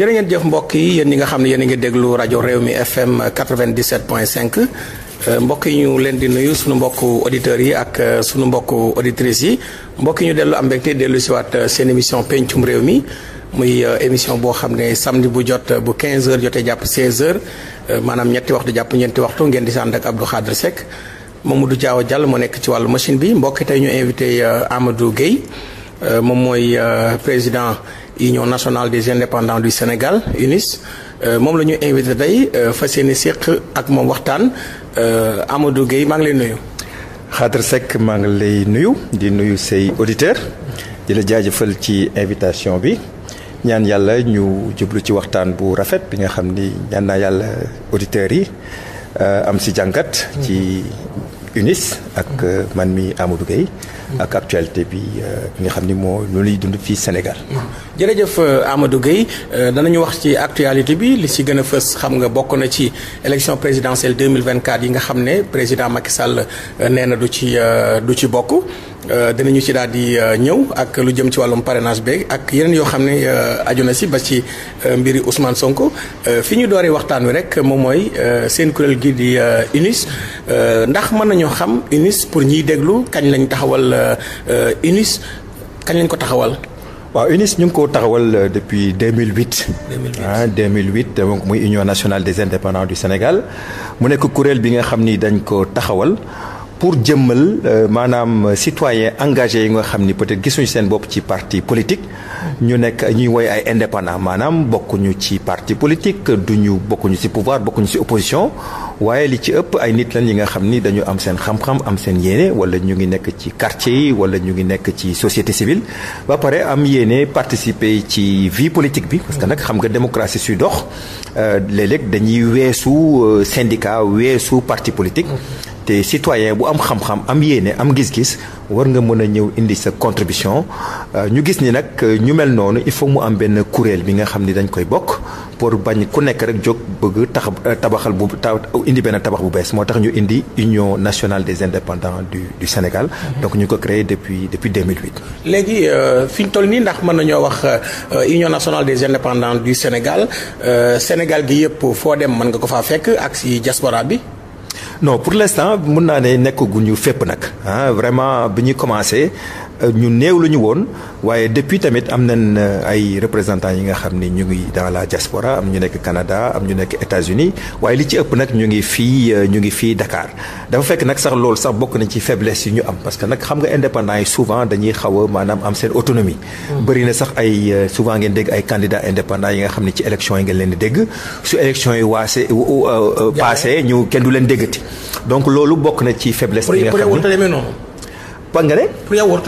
jërë ngeen jëf mbokk yi yéen ñi nga xam ne yéen a ngi déglu rajo réew mi FM 97.5 mbokk yi ñu leen di nuyu suñu mbokk auditeurs yi ak euh, suñu mbokk auditrices yi mbokk ñu dellu am mbégte dellu si waat euh, seen émission pencum réew mi muy euh, émission boo xam ne samedi bu jot bu 15 heures jotee jàpp 16 heures maanaam ñetti waxtu jàpp ñeenti waxtu ngeen di ànd ak Abdou Khadre Seck Mamadou Diaw Diallo moo nekk ci wàllu machine bi mbokk tey ñu invité Amadou Guèye moom mooy président. Union nationale des indépendants du Sénégal UNIS euh, moom la ñu invité tey euh, fas yéene séq ak moom waxtaan euh, Amadou Gueye maa ngi lay nuyu. Khadre Seck maa ngi lay nuyu di nuyu say auditeurs di la jaajëfal ci invitation bi ñaan yàlla ñu jublu ci waxtaan bu rafet bi nga xam ni ñaan naa yàlla auditeurs yi am si jàngat ci. UNIS ak euh, man mi Amadou Gueye ak actualité bi euh, nga xam ni moo lu lay dund fii Sénégal. Mm. jërëjëf euh, Amadou Gueye danañu wax ci actualité bi li ci gën a fës xam nga bokk na ci élection présidentielle 2024 yi nga xam ne président Macky Sall nee na du ci du ci bokk. Euh, dinañu ci daal di euh, ñëw ak lu jëm ci wàllum parrainage beeg ak yeneen yoo xam ne euh, aju na si ba ci mbiri Ousmane Sonko fi ñu dooree waxtaan wi rek moom mooy seen kuréel gi di UNIS ndax mën nañoo xam UNIS pour ñiy déglu kañ lañ taxawal UNIS kañ lañ ko taxawal. waa UNIS ñu ngi ko taxawal depuis 2008. 2008 ah 2008 donc muy Union nationale des indépendants du Sénégal mu nekk kuréel bi nga xam ni dañ ko taxawal. pour jëmmal euh, maanaam euh, citoyen engagé yi nga xam ni peut-être gisuñu seen bopp ci parti politique ñu nekk ñuy woy ay indépendant maanaam bokkuñu ci parti politique duñu bokkuñu ci pouvoir bokkuñu ci opposition waaye li ci ëpp ay nit lañ yi nga xam ni dañu am seen xam-xam am seen yéene wala ñu ngi nekk ci quartier yi wala ñu ngi nekk ci société civile ba pare am yéene participer ci vie politique bi parce que nag xam nga démocratie suy dox euh, léeg-léeg dañuy weesu syndicat weesu parti politique te citoyen bu am xam-xam am yéene am gis-gis war nga mën a ñëw indi sa contribution euh, ñu gis ni nag euh, ñu mel noonu il faut mu am benn kuréel bi nga xam ni dañ koy bokk pour bañ ku nekk rek jóg bëgg tax euh, tabaxal bu indi benn tabax bu bees moo tax ñu indi Union nationale des indépendants du Sénégal. Mhm. donc ñu ko créé depuis depuis 2008. léegi fi ñu toll nii ndax mën nañoo wax Union nationale des indépendants du Sénégal Sénégal gi yëpp foo dem mën nga ko faa fekk ak si diaspora bi. non pour temps mun naa ne nekk guñu fépp nag ah vraiment bi ñuy commencé ñu new la ñu woon waaye depuis tamit am na euh, ay représentants yi nga xam ni ñu ngi dans la diaspora am ñu nekk Canada am ñu nekk États-Unis waaye li ci ëpp nag ñu ngi fii euh, ñu ngi fii dakaar dafa fekk nag sax loolu sax bokk nañ ci faiblesse yi ñu am parce que nag xam nga indépendants yi souvent dañuy xaw a maanaam am seen autonomie. Mm. bëri na sax ay euh, souvent ngeen dégg ay candidats indépendants yi nga xam ni ci élection yi ngeen leen dégg su élection yi waas passé ñu kenn du leen déggati donc loolu bokk na ci faiblesse bi nga ba nga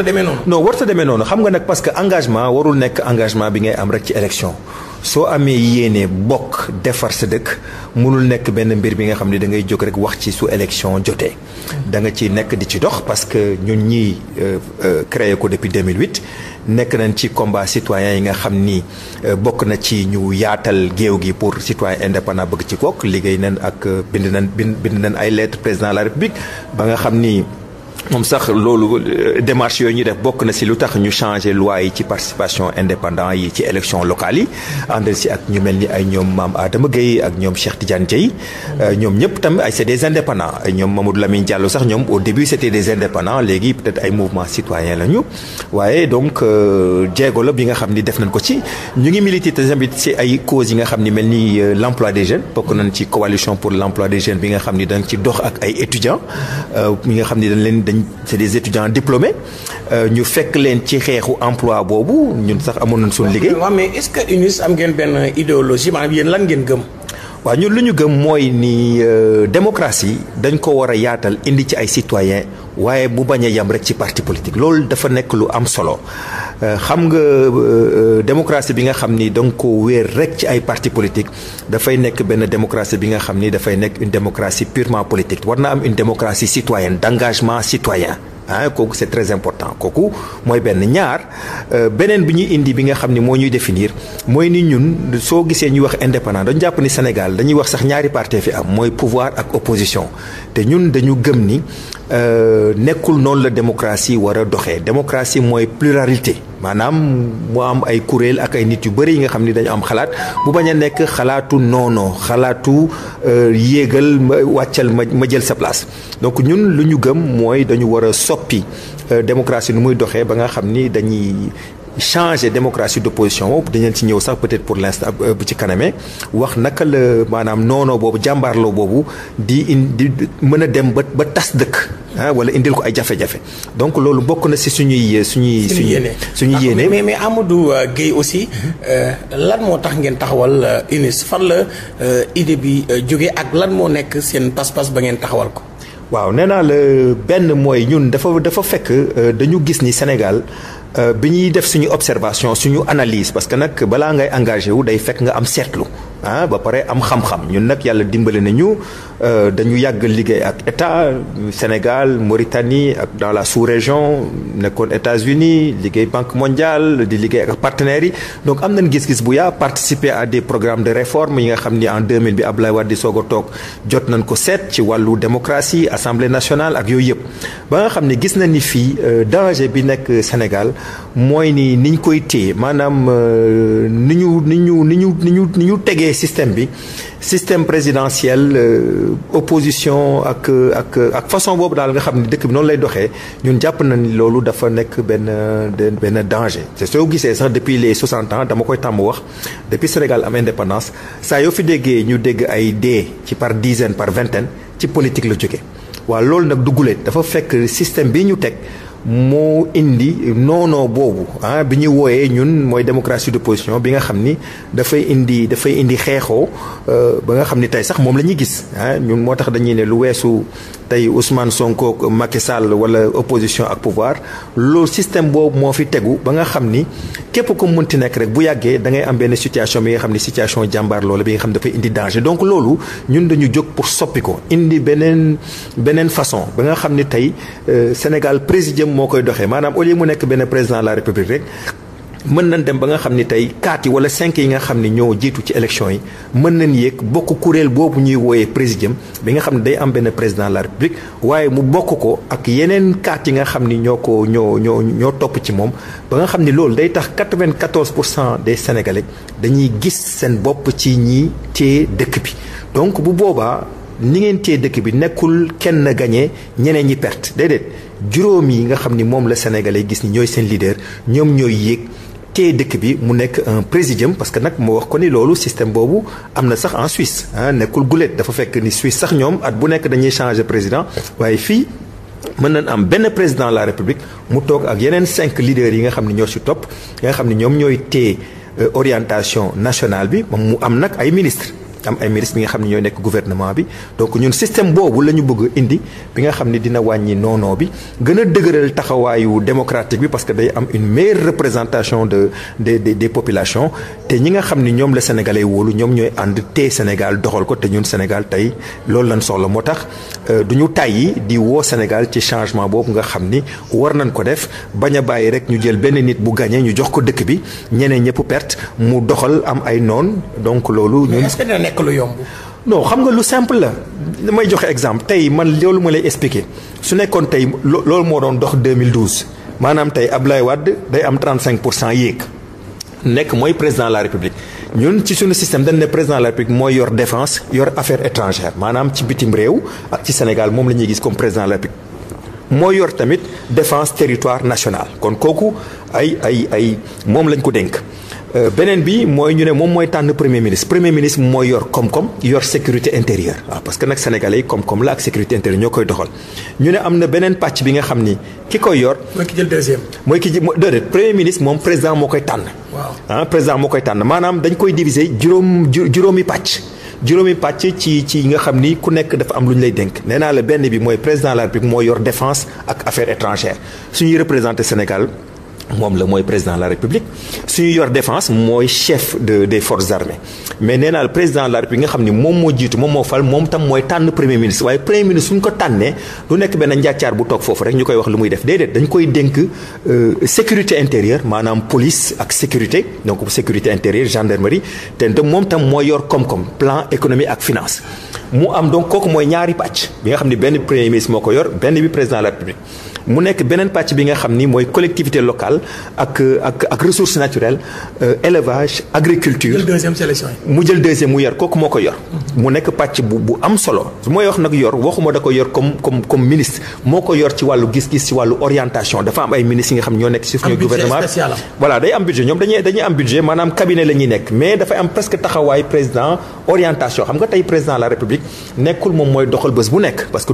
demee noonu. non warut a demee noonu xam nga nag parce que engagement warul nekk engagement bi ngay am rek ci élection soo amee yéenee bokk defar sa dëkk mënul nekk benn mbir bi nga xam ne da ngay jóg rek wax ci su élection jotee. da nga ci nekk di ci dox parce que ñun ñii euh, euh, créé ko depuis 2008 nekk nañ ci combat citoyen yi nga xam ni euh, bokk na ci ñu yaatal géew gi pour citoyen indépendant bëgg ci kok liggéey nañ ak bind nañ bind nañ ay lettres président de la république ba nga xam nii moom sax loolu euh, démarche yooyu ñu def bokk na si lu tax ñu changé loi yi ci participation indépendant yi ci élection locale yi àndal si ak ñu mel ni ay ñoom maam Adama Gueye ak ñoom Cheikh Tidiane Dieye euh, ñoom ñëpp tamit ay c'est des indépendants ñoom Mamadou Lamine sax ñoom au début c'était des indépendants léegi peut-être ay mouvement citoyen lañu waaye donc euh, jéego la bi nga xam ni def nañ ko ci ñu ngi milité tamit ci ay causes yi nga xam ni mel ni l'emploi des jeunes bokk nañ ci coalition pour l'emploi des jeunes bi nga xam ni dañ ci nga xam dañ c'est des étudiants diplômés euh, ñu fekk leen ci xeexu emploi boobu ñun sax amoon nañ suñu liggéey. waaw mais est-ce que UNIS am ngeen benn idéologie maanaam yéen lan ngeen gëm. waa ñun lu ñu gëm mooy ni euh, démocratie dañ ko war a yaatal indi ci ay citoyens waaye bu bañ a yam rek ci parti politique loolu dafa nekk lu am solo. Euh, xam nga euh, euh, démocratie bi nga xam ni danga ko wéer rek ci ay parti politique dafay nekk benn démocratie bi nga xam ni dafay nekk une démocratie purement politique war na am une démocratie citoyenne d'engagement citoyen ah kooku c'est très important kooku mooy benn ñaar euh, beneen bi ñuy indi bi nga xam ni moo ñuy définir mooy ni ñun soo gisee ñuy wax indépendant dañu jàpp ni Sénégal dañuy wax sax ñaari parti fi am mooy pouvoir ak opposition te ñun dañu gëm ni euh, nekkul noonu la démocratie war a doxee démocratie mooy pluralité. maanaam mu am ay kuréel ak ay nit yu bari yi nga xam ni dañu am xalaat bu bañ a nekk xalaatu noonoo xalaatu euh, yéegal ma wàccal ma ma jël sa place donc ñun lu ñu gëm mooy dañu war a soppi euh, démocratie nu muy doxee ba nga xam ni dañuy changer démocratie d'opposition boobu dañu ci ñëw sax peut-être pour l'instant euh, bu ci kanamee wax naka la maanaam noonoo boobu jàmbaarloo boobu di indi mën a dem ba ba tas dëkk ah wala indil ko ay jafe-jafe donc loolu bokk na si euh, suñuy suñuy suñuy suñu yéene ah, mais mais Amadou euh, Gueye aussi mhm. lan moo tax ngeen taxawal UNIS fan la idée bi jóge ak lan moo nekk seen pas-pas ba ngeen taxawal ko waaw nee naa la benn mooy ñun dafa dafa fekk dañu gis ni Sénégal Euh, bi ñuy def suñu observation suñu analyse parce que nag balaa ngay engagé wu day fekk nga am seetlu ah ba pare am xam-xam ñun nag yàlla dimbale nañu euh, dañu yàgg liggéey ak état Sénégal Mauritanie ak dans la sous-région nekkoon États-Unis liggéey Banque mondiale di liggéey ak partenaires yi donc am nañ gis-gis bu yaa participer à des programmes de réforme yi nga xam ni en 2000 bi Abdoulaye Wade di soog a toog jot nañ ko seet ci wàllu démocratie assemblée nationale ak yooyu yëpp ba xam ne gis nañ ni fii euh, danger bi nekk Sénégal mooy ni niñ koy téye maanaam euh, ni ñu ni ñu ni ñu ni ñu ñu tegee système bi système présidentiel euh, opposition ak ak ak façon boobu daal nga xam ne dëkk bi noonu lay doxee ñun jàpp na ni loolu dafa nekk benn de benn danger te soo gisee sax depuis les 60 ans dama koy tàmm wax depuis Sénégal am indépendance saa yoo fi déggee ñu dégg ay dee ci par dizaine par vingtaine ci politique la jóge waaw loolu nag duggulee dafa fekk système bi ñu teg moo indi noonoo boobu ah bi ñuy wooyee ñun mooy démocratie d'opposition bi nga xam ni dafay indi dafay indi xeexoo euh, ba nga xam ni tey sax moom la ñuy gis ah ñun moo tax dañuy ne lu weesu tey Ousmane Sonko Macky Sall wala opposition ak pouvoir loolu système boobu moo fi tegu ba nga xam ni képp ko mënti nekk rek bu yàggee da ngay am benn situation bi nga xam ni situation jàmbaar loola bi nga xam dafay indi danger donc loolu ñun dañu jóg pour soppi ko indi beneen beneen façon ba nga xam ni tey euh, Sénégal moo koy doxee maanaam au lieu mu nekk benn président de la république rek mën nañ dem ba nga xam ni tey kaat yi wala cinq yi nga xam ni ñoo jiitu ci élection yi mën nañ yéeg bokk kuréel boobu ñuy wooyee présidium bi nga xam ne day am benn président la république waaye mu bokk ko ak yeneen kaat yi nga xam ni ñoo ko ñoo ñoo ñoo topp ci moom ba nga xam ni loolu day tax quatre-vingt-quatorze pour cent des sénégalais dañuy gis seen bopp ci ñi téye dëkk bi donc bu boobaa. ni ngeen téye dëkk bi nekkul kenn gagné ñeneen ñi perte déedéet juróom yi nga xam ni moom la sénégal sénégalais gis ni ñooy seen leader ñoom ñooy yéeg téye dëkk bi mu nekk un présidium parce que nag moo wax ko ni loolu système boobu am na sax en Suisse ah nekkul gulet dafa fekk ni Suisse sax ñoom at bu nekk dañuy changer président waaye fii. mën nañ am benn président la république mu toog ak yeneen cinq leaders yi nga xam ne ñoo ci topp nga xam ne ñoom ñooy téye euh, orientation nationale bi moom mu am nag ay ministre am ay ministres yi nga xam ne ñooy nekk gouvernement bi donc ñun système boobu la ñu bëgg indi bi nga xam ne dina wàññi noonoo bi gën a dëgëral taxawaayu démocratique bi parce que day am une meilleure représentation de des des des te ñi nga xam ne ñoom la sénégalais wóolu ñoom ñooy ànd tee Sénégal doxal ko te ñun Sénégal tey loolu lañ soxla moo tax euh, du ñu tàyyi di woo Sénégal ci changement boobu nga xam ni war nañ ko def bañ a bàyyi rek ñu jël benn nit bu gagné ñu jox ko dëkk bi ñeneen ñëpp perte mu doxal am ay noon donc loolu nekk yomb. non xam nga lu simple la damay joxe exemple tey man loolu ma lay expliquer su nekkoon tey loolu moo doon dox 2012 maanaam tey Abdoulaye Wade day am cinq pour cent yéeg nekk mooy président la République ñun ci suñu système dañ ne président de la République mooy yor défense yor affaires étrangères maanaam ci bitim réew ak ci Sénégal moom la ñuy gis comme président de la République moo yor tamit défense teritoire national kon kooku ay ay ay moom lañ ko dénk Euh, beneen bi mooy ñu ne moom mooy tànn premier ministre premier ministre mooy yor koom-koom yor sécurité intérieure waaw ah, parce que nag sénégalais yi koom-koom la ak sécurité intérieure ñoo koy doxal ñu ne am na beneen pàcc bi nga xam ni ki koy yor. mooy ki jël deuxième. mooy ki ji déedéet premier ministre moom président moo koy tànn. waaw ah, président moo koy tànn maanaam dañ koy diviser juróom juróomi pàcc. juróomi pàcc ci ci nga xam ni ku nekk dafa am lu ñu lay dénk nee naa la benn bi mooy président de la république moo yor défense ak affaires étrangères su ñuy représenté Sénégal. moom la mooy président de la république suñu yor defence mooy chef de des forces armées mais nee naa la président de la république nga xam ni moom moo jiitu moom moo fal moom tam mooy tànn premier ministre waaye premier ministre suñ ko tànnee du nekk benn njàccaar bu toog foofu rek ñu koy wax lu muy def déedéet dañ koy dénk euh, sécurité intérieure maanaam police ak sécurité donc sécurité intérieure gendarmerie te te moom tam mooy yor koom-koom plan ak finance mu am donc kooku mooy ñaari pàcc bi nga xam ni benn premier ministre ko yor benn bi président la république mu nekk beneen pàcc bi nga xam ni mooy collectivité locale ak ak ak ressources naturelles euh, élevage agriculture. mu jël mu jël deuxième mu yor kooku moo ko yor. Mm-hmm. mu nekk pàcc bu bu am solo. su may wax nag yor waxuma da ko yor comme comme ministre moo ko yor ci wàllu gis-gis ci wàllu orientation dafa am ay ministres yi nga xam ñoo nekk. ci suñu gouvernement voilà day am budget ñoom dañuy dañuy am budget maanaam cabinet la ñuy nekk mais dafay am presque taxawaay président orientation la république nekkul moom mooy doxal bés bu nekk parce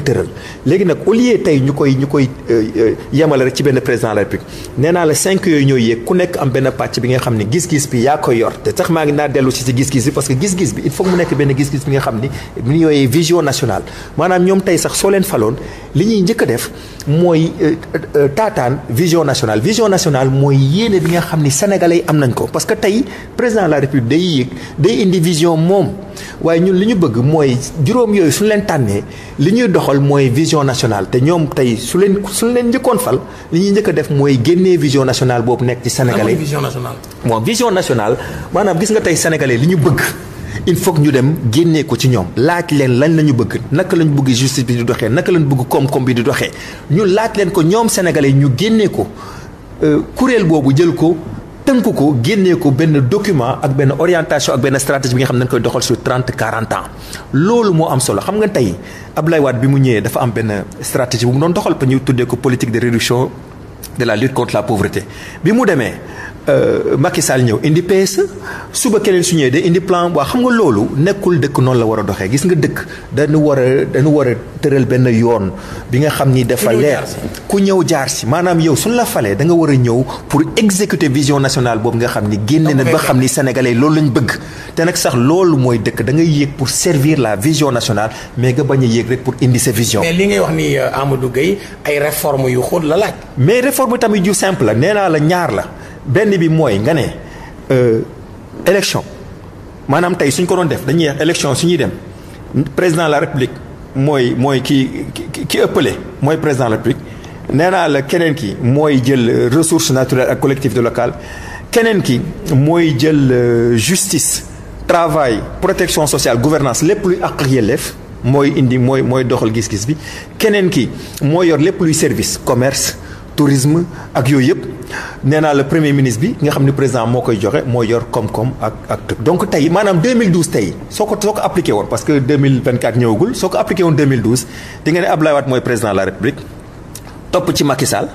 koy tëral léegi nag au tey ñu koy ñu koy euh, euh, yemale rek ci benn président de la République nee naa la cinq yooyu ñooy yéeg ku nekk am benn pàcc bi nga xam ni gis-gis bi yaa koy yor te sax maa ngi naa dellu si si gis-gis bi parce que gis-gis bi il faut mu nekk benn gis-gis bi nga xam ni mu ñooyee vision nationale maanaam ñoom tey sax soo leen faloon li ñuy njëkk a def mooy euh, taataan vision nationale vision nationale mooy yéene bi nga xam ni sénégalais yi am nañ ko parce que tey président de la République day yéeg indi vision moom waaye ñun li ñu bëgg mooy juróom yooyu leen tànnee doxal mooy vision nationale te ñoom tey su leen su leen njëkkoon fal li ñuy njëkk def mooy génnee vision nationale boobu nekk ci sénégalais vision nationale bon vision nationale maanaam gis nga tey sénégalais li ñu bëgg il faut ñu dem génnee ko ci ñoom laaj leen lañ la ñu bëgg naka lañu bëgg justice bi di doxee naka lañ bëgg koom-koom bi di doxee ñu laaj leen ko ñoom sénégalais ñu génnee ko euh, kuréel boobu jël ko tënk ko génnee ko benn document ak benn orientation ak benn stratégie bi nga xam ne dañ koy doxal su trente quarante ans loolu moo am solo xam nga tey Abdoulaye Wade bi mu ñëwee dafa am benn stratégie bu mu noon doxal pour ñu tuddee ko politique de réduction de la lutte contre la pauvreté bi mu demee Euh, Macky Sall ñëw indi PSE suba keneen su de indi plan waa xam nga loolu nekkul dëkk noonu la war a doxee gis nga dëkk dañu war a dañu war a tëral benn yoon bi nga xam ni dafa leer ku ñëw jaar si maanaam yow suñu la falee da nga war a ñëw pour exécuter vision nationale boobu nga xam ni génne na ba xam ni sénégalais loolu lañ bëgg te nag sax loolu mooy dëkk da nga yéeg pour servir la vision nationale mais nga bañ a yéeg rek pour indi sa vision. mais li ngay wax ni euh, Amadou Gueye ay réformes yu xóot la laaj. mais réforme tamit yu simple la nee ñaar la. benn bi mooy nga ne euh, élection maanaam tey suñ ko doon def dañuy def élection suñuy dem président la république mooy mooy ki ki ëppale mooy président de la république nee naa la keneen ki mooy jël euh, ressources naturelles ak de locale keneen ki mooy jël euh, justice travail protection sociale gouvernance lépp luy àq mooy indi mooy mooy doxal gis-gis bi keneen ki mooy yor lépp luy service commerce tourisme ak yooyu yëpp nee naa la premier ministre bi nga xam ne président moo koy joxe mooy yor koom-koom ak ak tëb donc tey maanaam 2012 tey soo ko soo ko appliqué woon parce que 2024 ñëwagul soo ko appliqué woon 2012 di nga ne Abdoulaye Wade mooy président de la République topp ci Macky Sall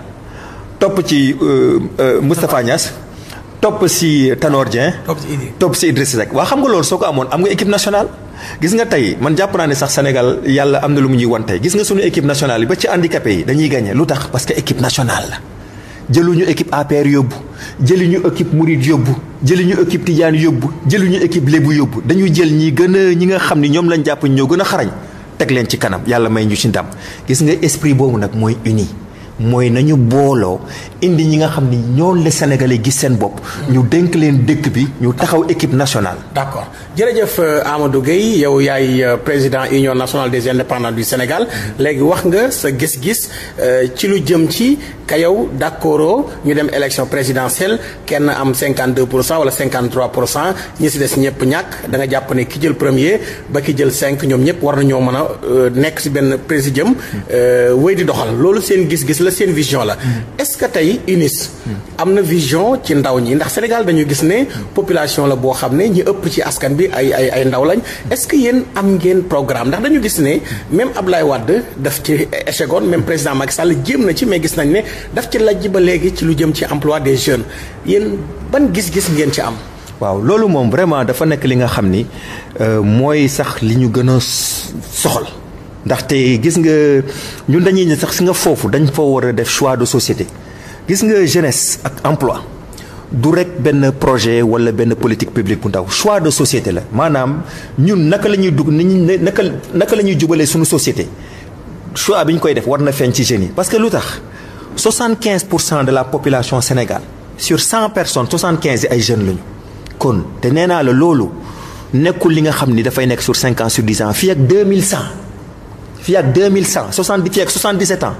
topp ci euh, euh, Moustapha Niass topp si Tanor topp si Idrissa Seck waaw xam nga loolu soo ko amoon am nga équipe nationale gis nga tey man jàpp naa ne sax Sénégal yàlla am na lu mu ñuy wan gis nga suñu équipe national yi ba ci handicapé yi dañuy gagné lu tax parce que équipe nationale la. jëluñu équipe APR yóbbu ñu équipe Mouride yóbbu jëliñu équipe Tidiane yóbbu jëliñu équipe Lébu yóbbu dañuy jël ñi gën a ñi nga xam ni ñoom lañ jàpp ñoo gën a xarañ teg leen ci kanam yàlla may ñu ci ndam gis nga esprit boobu nag mooy uni mooy nañu booloo indi ñi nga xam ni ñoom la Sénégalais gis seen bopp. ñu denk leen dëkk bi ñu taxaw équipe nationale. d'accord jërëjëf euh, Amadou Gueye yow yaay euh, président union nationale des indépendants du Sénégal léegi wax nga sa gis-gis euh, ci lu jëm ci ka yow d'accord ñu dem élection présidentielle kenn am 52 pour cent wala pour cent ñi si des ñëpp ñàkk da nga jàpp ne ki jël premier ba ki jël 5 ñoom ñëpp war nañoo mën a nekk si benn présidium wéy di doxal loolu seen gis-gis. la seen vision la mm-hmm. est-ce que tey UNIS mm-hmm. am na vision ci ndaw ñi ndax Sénégal dañu gis ne mm-hmm. population la boo xam ne ñi ëpp ci askan bi ay ay ay ndaw lañ est-ce que yéen am ngeen programme ndax dañu gis ne même Abdoulaye wadd daf ci échegoon même président mag Sall jéem na ci mais gis nañ ne daf ci lajj ba léegi ci lu jëm ci emploi des jeunes yéen ban gis-gis ngeen ci am waaw loolu moom vraiment dafa nekk li nga xam ni euh, mooy sax li ñu gën a soxal ndaxte gis nga ñun dañuy ne sax si nga foofu dañ foo war a def choix de société gis nga jeunesse ak emploi du rek benn projet wala benn politique publique bu ndaw choix de société la maanaam ñun naka la ñuy dugg ni naka naka la ñuy jubalee suñu société choix bi ñu koy def war na feeñ ci jeunes yi parce que lu tax 75 pour cent de la population Sénégal sur 100 personnes 75 yi ay jeunes lañu kon te nee naa la loolu nekkul li nga xam ni dafay nekk sur 5 ans sur 10 ans fii ak fii ak deux mille cent soixante dix fii ak soixante dix sept ans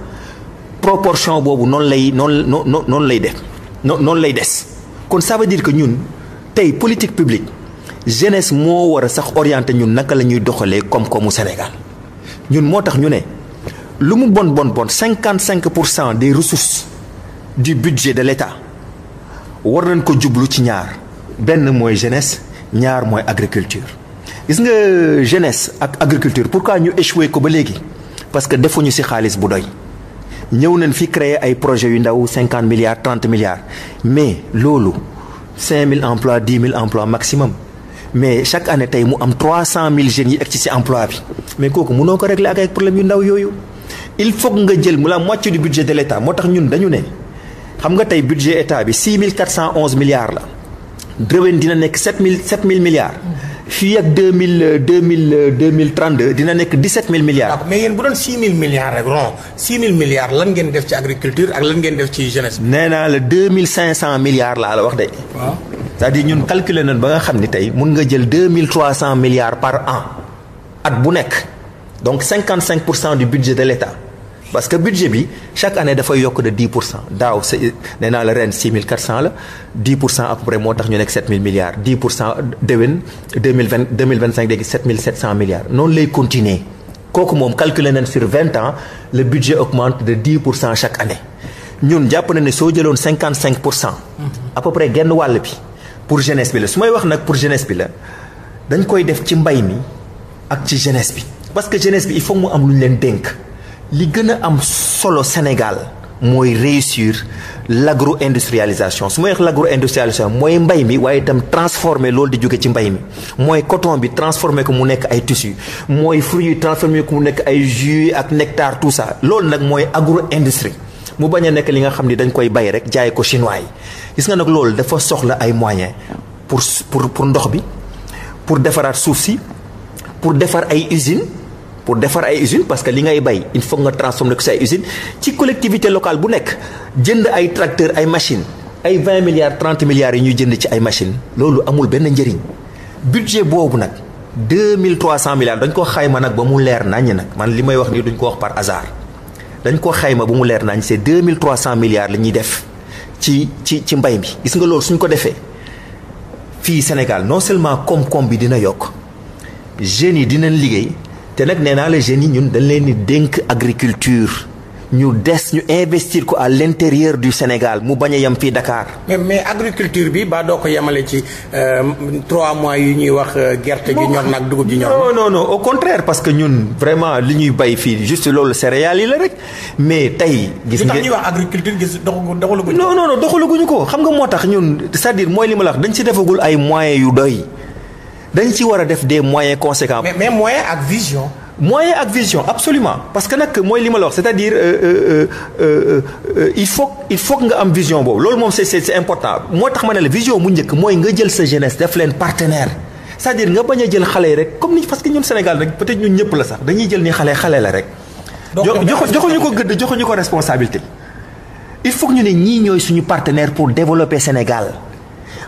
proportion boobu noonu lay noonu noonu noonu lay def noonu lay des kon ça veut dire que ñun tey politique publique jeunesse moo war a sax orienté ñun naka la ñuy doxalee koom-koomu Sénégal ñun moo tax ñu ne lu mu bon bon bon cinquante cinq pour cent des ressources du budget de l'État war nañ ko jublu ci ñaar benn mooy jeunesse ñaar mooy agriculture. gis nga jeunesse ak agriculture pourquoi ñu échoué ko ba léegi parce que defuñu si xaalis bu doy ñëw neen fi créer ay projets yu ndaw cinquante milliards trente milliards mais loolu cinq mille emplois dix mille emplois maximum mais chaque anne tey mu am trois cent mille jeunes yi ak ci ci emploi bi mais kooku mënoo ko régler ak ay problèmes yu ndaw yooyu il faut nga jël mu la moitié du budget de l' moo tax ñun dañu ne xam nga tey budget état bi six mille quatre cent onze milliards la. Rewen dina nekk sept mille sept mille milliards. fii ak deux mille mille deux mille trente dina nekk dix sept mille milliards. mais yéen bu doon six mille milliards rek ron six milliards lan ngeen def ci agriculture ak lan ngeen def ci jeunesse. nee naa la deux mille cinq cent milliards laa la wax de. waaw cest à ñun calculer nañ ba nga xam ni tey mun nga jël deux mille trois cent milliards par an at bu nekk donc cinquante cinq pour cent du budget de l'État. parce que budget bi chaque année dafay yokk de 10 pour cent daaw sa nee naa la ren 6400 la 10 pour cent à peu près moo tax ñu nekk 7000 milliards 10 pour cent déwén 2020 2025 léegi 7700 milliards noonu lay continuer kooku moom calculer nañ sur 20 ans le budget augmente de 10 pour cent chaque année ñun jàpp na ne soo jëloon 55 pour cent. à peu près genn wàll bi pour jeunesse bi la su may wax nag pour jeunesse bi la dañ koy def ci mbay mi ak ci jeunesse bi. parce que jeunesse bi il faut mu am lu ñu leen dénk. li gën a am solo Sénégal mooy réussir l'agro industrialisation su ma wax l'agro industrialisation mooy mbay mi waaye itam transformer loolu di jóge ci mbay mi mooy coton bi transformer ko mu nekk ay tissus mooy fruits yi transformer ko mu nekk ay jus ak nectar tout ça loolu nag mooy agro industrie mu bañ a nekk li nga xam ni dañ koy bay rek jaay ko chinois yi gis nga nag loolu dafa soxla ay moyens pour pour pour ndox bi pour defaraat suuf si pour defar ay usines pour defar ay usines parce que li ngay bay il faut nga transformer ko si ay usines ci collectivité locale bu nekk jënd ay tracteur ay machines ay 20 milliards 30 milliards yi ñuy jënd ci ay machines loolu amul benn njariñ budget boobu nag 2300 milliards dañ ko xayma nag ba mu leer nañ nag man li may wax nii duñ ko wax par hasard dañ ko xayma ba mu leer nañ c'est 2300 milliards la ñuy def ci ci ci mbay mi gis nga loolu suñ ko defee fii Sénégal non seulement koom bi dina yokk jeunes yi dinañ liggéey. te nag nee naa la jeunes yi ñun dañ leen di dénk agriculture ñu des ñu investir ko à l'intérieur du Sénégal mu bañ a yem fii Dakar. mais mais agriculture bi ba doo ko yemale ci euh, trois mois yu ñuy wax euh, gerte gi ñor nag dugub ji ñor. non non non au que ñun vraiment li ñuy bay fii juste loolu céréales yi la rek mais tey. gis ngeen li ñuy wax agriculture gis doxalaguñu ko. non non non doxalaguñu ko xam nga moo tax ñun sa à dire mooy li ma la wax dañ si defagul ay moyens yu doy. dañu ci war a def des moyens conséquents. mais mais moyens ak vision. moyens ak vision absolument parce que nag mooy li ma la wax c'est-à-dire euh, euh, euh, il faut il faut nga am vision boobu loolu moom c'est c'est important moo tax ma ne la vision bu njëkk mooy nga jël sa jeunesse def leen partenaire. c'est-à-dire nga bañ a jël xale yi rek comme ni parce que ñun Sénégal rek peut-être ñun ñëpp la sax dañuy jël ni xale xale la rek. donc joxuñu ko gëdd joxuñu ko responsabilité. il faut ñu ne ñii ñooy suñu partenaire pour développer Sénégal.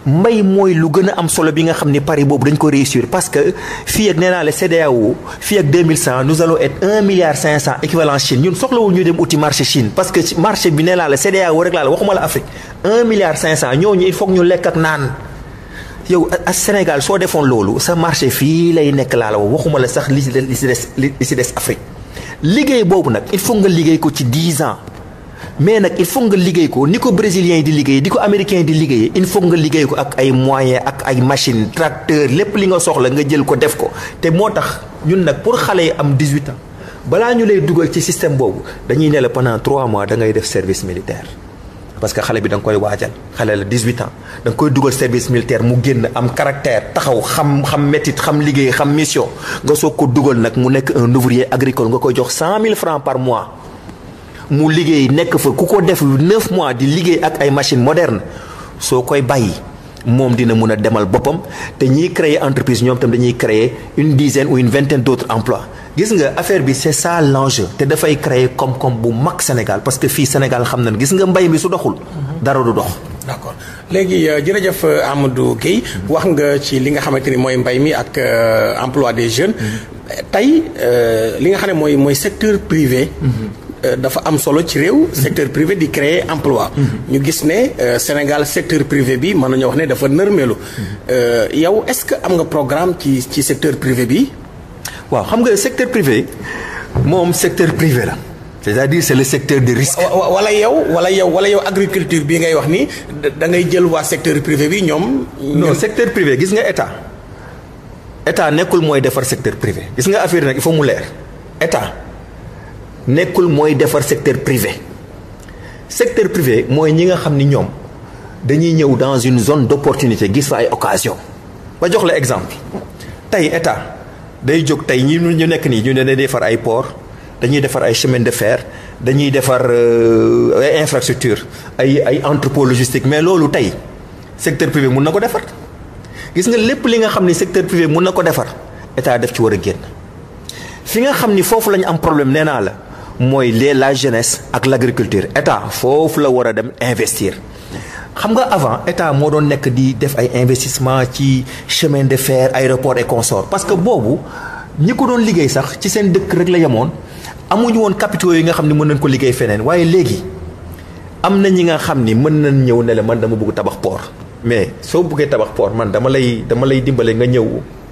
mbay mooy lu gën a am solo bi nga xam ne pari boobu dañ ko réussir parce que fii ak nee naa la CEDEAO fii ak 2100 nous allons cinq 1 milliard 500 équivalent Chine ñun soxlawul ñu dem uti marché Chine parce que marché bi nee naa la CEDEAO rek laa la waxuma la Afrique 1 milliard 500 ñooñu il faut ñu lekk ak naan. yow ak Sénégal soo defoon loolu sa marché fii lay nekk laa la waxuma la sax li ci des li si des Afrique liggéey boobu nag il faut nga liggéey ko ci 10 ans. mais nag il faut nga liggéey ko ni ko brésiliens yi di liggéey di ko américains yi di liggéey il faut nga liggéey ko ak ay moyens ak ay machine tracteur lépp li nga soxla nga jël ko def ko te moo tax ñun nag pour xale yi am 18 ans balaa ñu lay dugal ci système boobu dañuy ne la pendant 3 mois da ngay def service militaire. parce que xale bi danga nga koy waajal xale la dix ans da nga koy dugal service militaire mu génn am caractère taxaw xam xam métit xam liggéey xam mission nga soog ko dugal nag mu nekk un ouvrier agricole nga koy jox 100000 francs par mois. mu liggéey nekk fa ku ko def neuf mois di liggéey ak ay machine moderne soo koy bàyyi moom dina mun a demal boppam te ñiy créer entreprise ñoom tam dañuy créer une dizaine ou une vingtaine d'autres emplois gis nga affaire bi c'est ça l'enjeu te dafay créer koom-koom bu mag Sénégal parce que fii Sénégal xam nañ gis nga mbay mi su doxul dara du dox d'accord léegi euh, jërëjëf euh, Amadou Guèye wax nga ci li nga xamante ni mooy mbay mi ak euh, emploi des jeunes mm-hmm. tey li nga xam ne mooy mooy secteur privé mm-hmm. Euh, dafa am solo ci réew. secteur privé di créer emploi. ñu gis ne euh, Sénégal secteur privé bi mën nañu wax ne dafa nërmeelu. Euh, yow est-ce que am nga programme ci ci secteur privé bi. waaw xam nga secteur privé moom secteur privé la. c'est-à-dire c'est le secteur de risque. wala yow wala yow wala yow agriculture bi ngay wax ni da ngay jël waa secteur privé bi ñoom. non secteur privé gis nga état état nekkul mooy defar secteur privé gis nga affaire nag il faut mu leer état. nekkul mooy defar secteur privé secteur privé mooy ñi nga xam ni ñoom dañuy ñëw dans une zone d'opportunité gis fa ay occasion ba jox la exemple tey état day jóg tey ñi ñu nekk nii ñu ne day defar ay port dañuy defar ay chemin de fer dañuy defar euh, ay infrastructure ay ay entrepôt logistique mais loolu tey secteur privé mun na ko defar gis nga lépp li nga xam ni secteur privé mun na ko defar état def ci war a génn fi nga xam ni foofu la ñu am problème nee naa la mooy les la jeunesse ak l' agriculture état foofu la war a dem investir. xam nga avant état moo doon nekk di def ay investissement ci chemin de fer aéroport et consort parce que boobu ñi ko doon liggéey sax ci seen dëkk rek la yemoon amuñu woon capitaux yi nga xam ne mën nañ ko liggéey feneen waaye léegi am na ñi nga xam ni mën nañ ñëw ne la man dama bugg tabax port mais soo buggee tabax port man dama lay dama lay dimbale nga ñëw.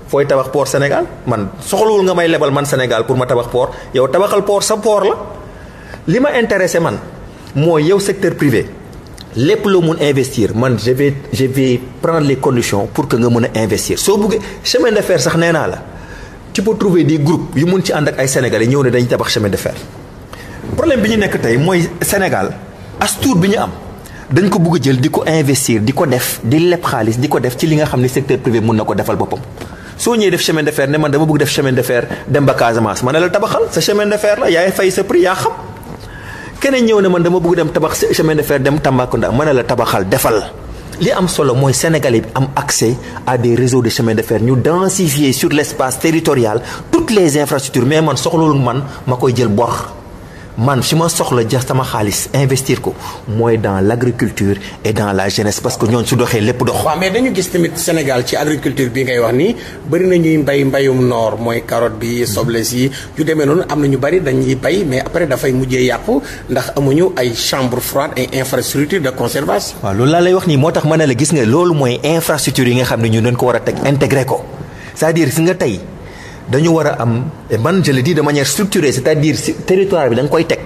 fooy tabax port Sénégal man soxlawul nga may lebal man Sénégal pour ma tabax poor yow tabaxal port sa poor la li ma intéressé man mooy yow secteur privé lépp loo mun investir man je vais je vais prendre les conditions pour que nga mën a investir soo buggee semaine de fer sax nee naa la tu peux trouver des yu mun ci ànd ak ay sénégalais ñëw ne dañuy tabax chemin de fer. problème bi ñu nekk tey mooy Sénégal as bi ñu am dañ ko bugg jël di ko investir di ko def di leb xaalis di ko def ci li nga xam ne secteur privé mun na ko defal boppam. soo ñëwee def chemin de fer ne man dama bëgg def chemin de fer dem ba Casamance ma ne la tabaxal sa chemin de fer la yaay fay sa prix yaa xam keneen ñëw ne man dama bëgg dem tabax chemin de fer dem Tambacounda ma ne la tabaxal defal. li am solo mooy Sénégalais bi am accès à des réseaux de chemin de fer ñu densifier sur l' espace territorial toutes les infrastructures mais man soxlawul man ma koy jël bor. man fi ma soxla ja sama xaalis investir ko mooy dans l' agriculture et dans la jeunesse parce que ñooñu su doxee lépp dox. waaw mais dañu gis tamit Sénégal ci agriculture bi ngay wax nii bëri na ñuy mbay mbayum noor mooy carotte bi soble yi yu demee noonu am na ñu bëri dañuy bay mais après dafay mujjee yàqu ndax amuñu ay chambre froide ay infrastructure de conservation. waaw loolu laa lay wax nii moo tax mën na la gis nga loolu mooy infrastructure yi nga xam ne ñu doon ko war teg intégré ko nga tey. dañu war a am et man je le de manière structurée c'est-à-dire si territoire bi da koy teg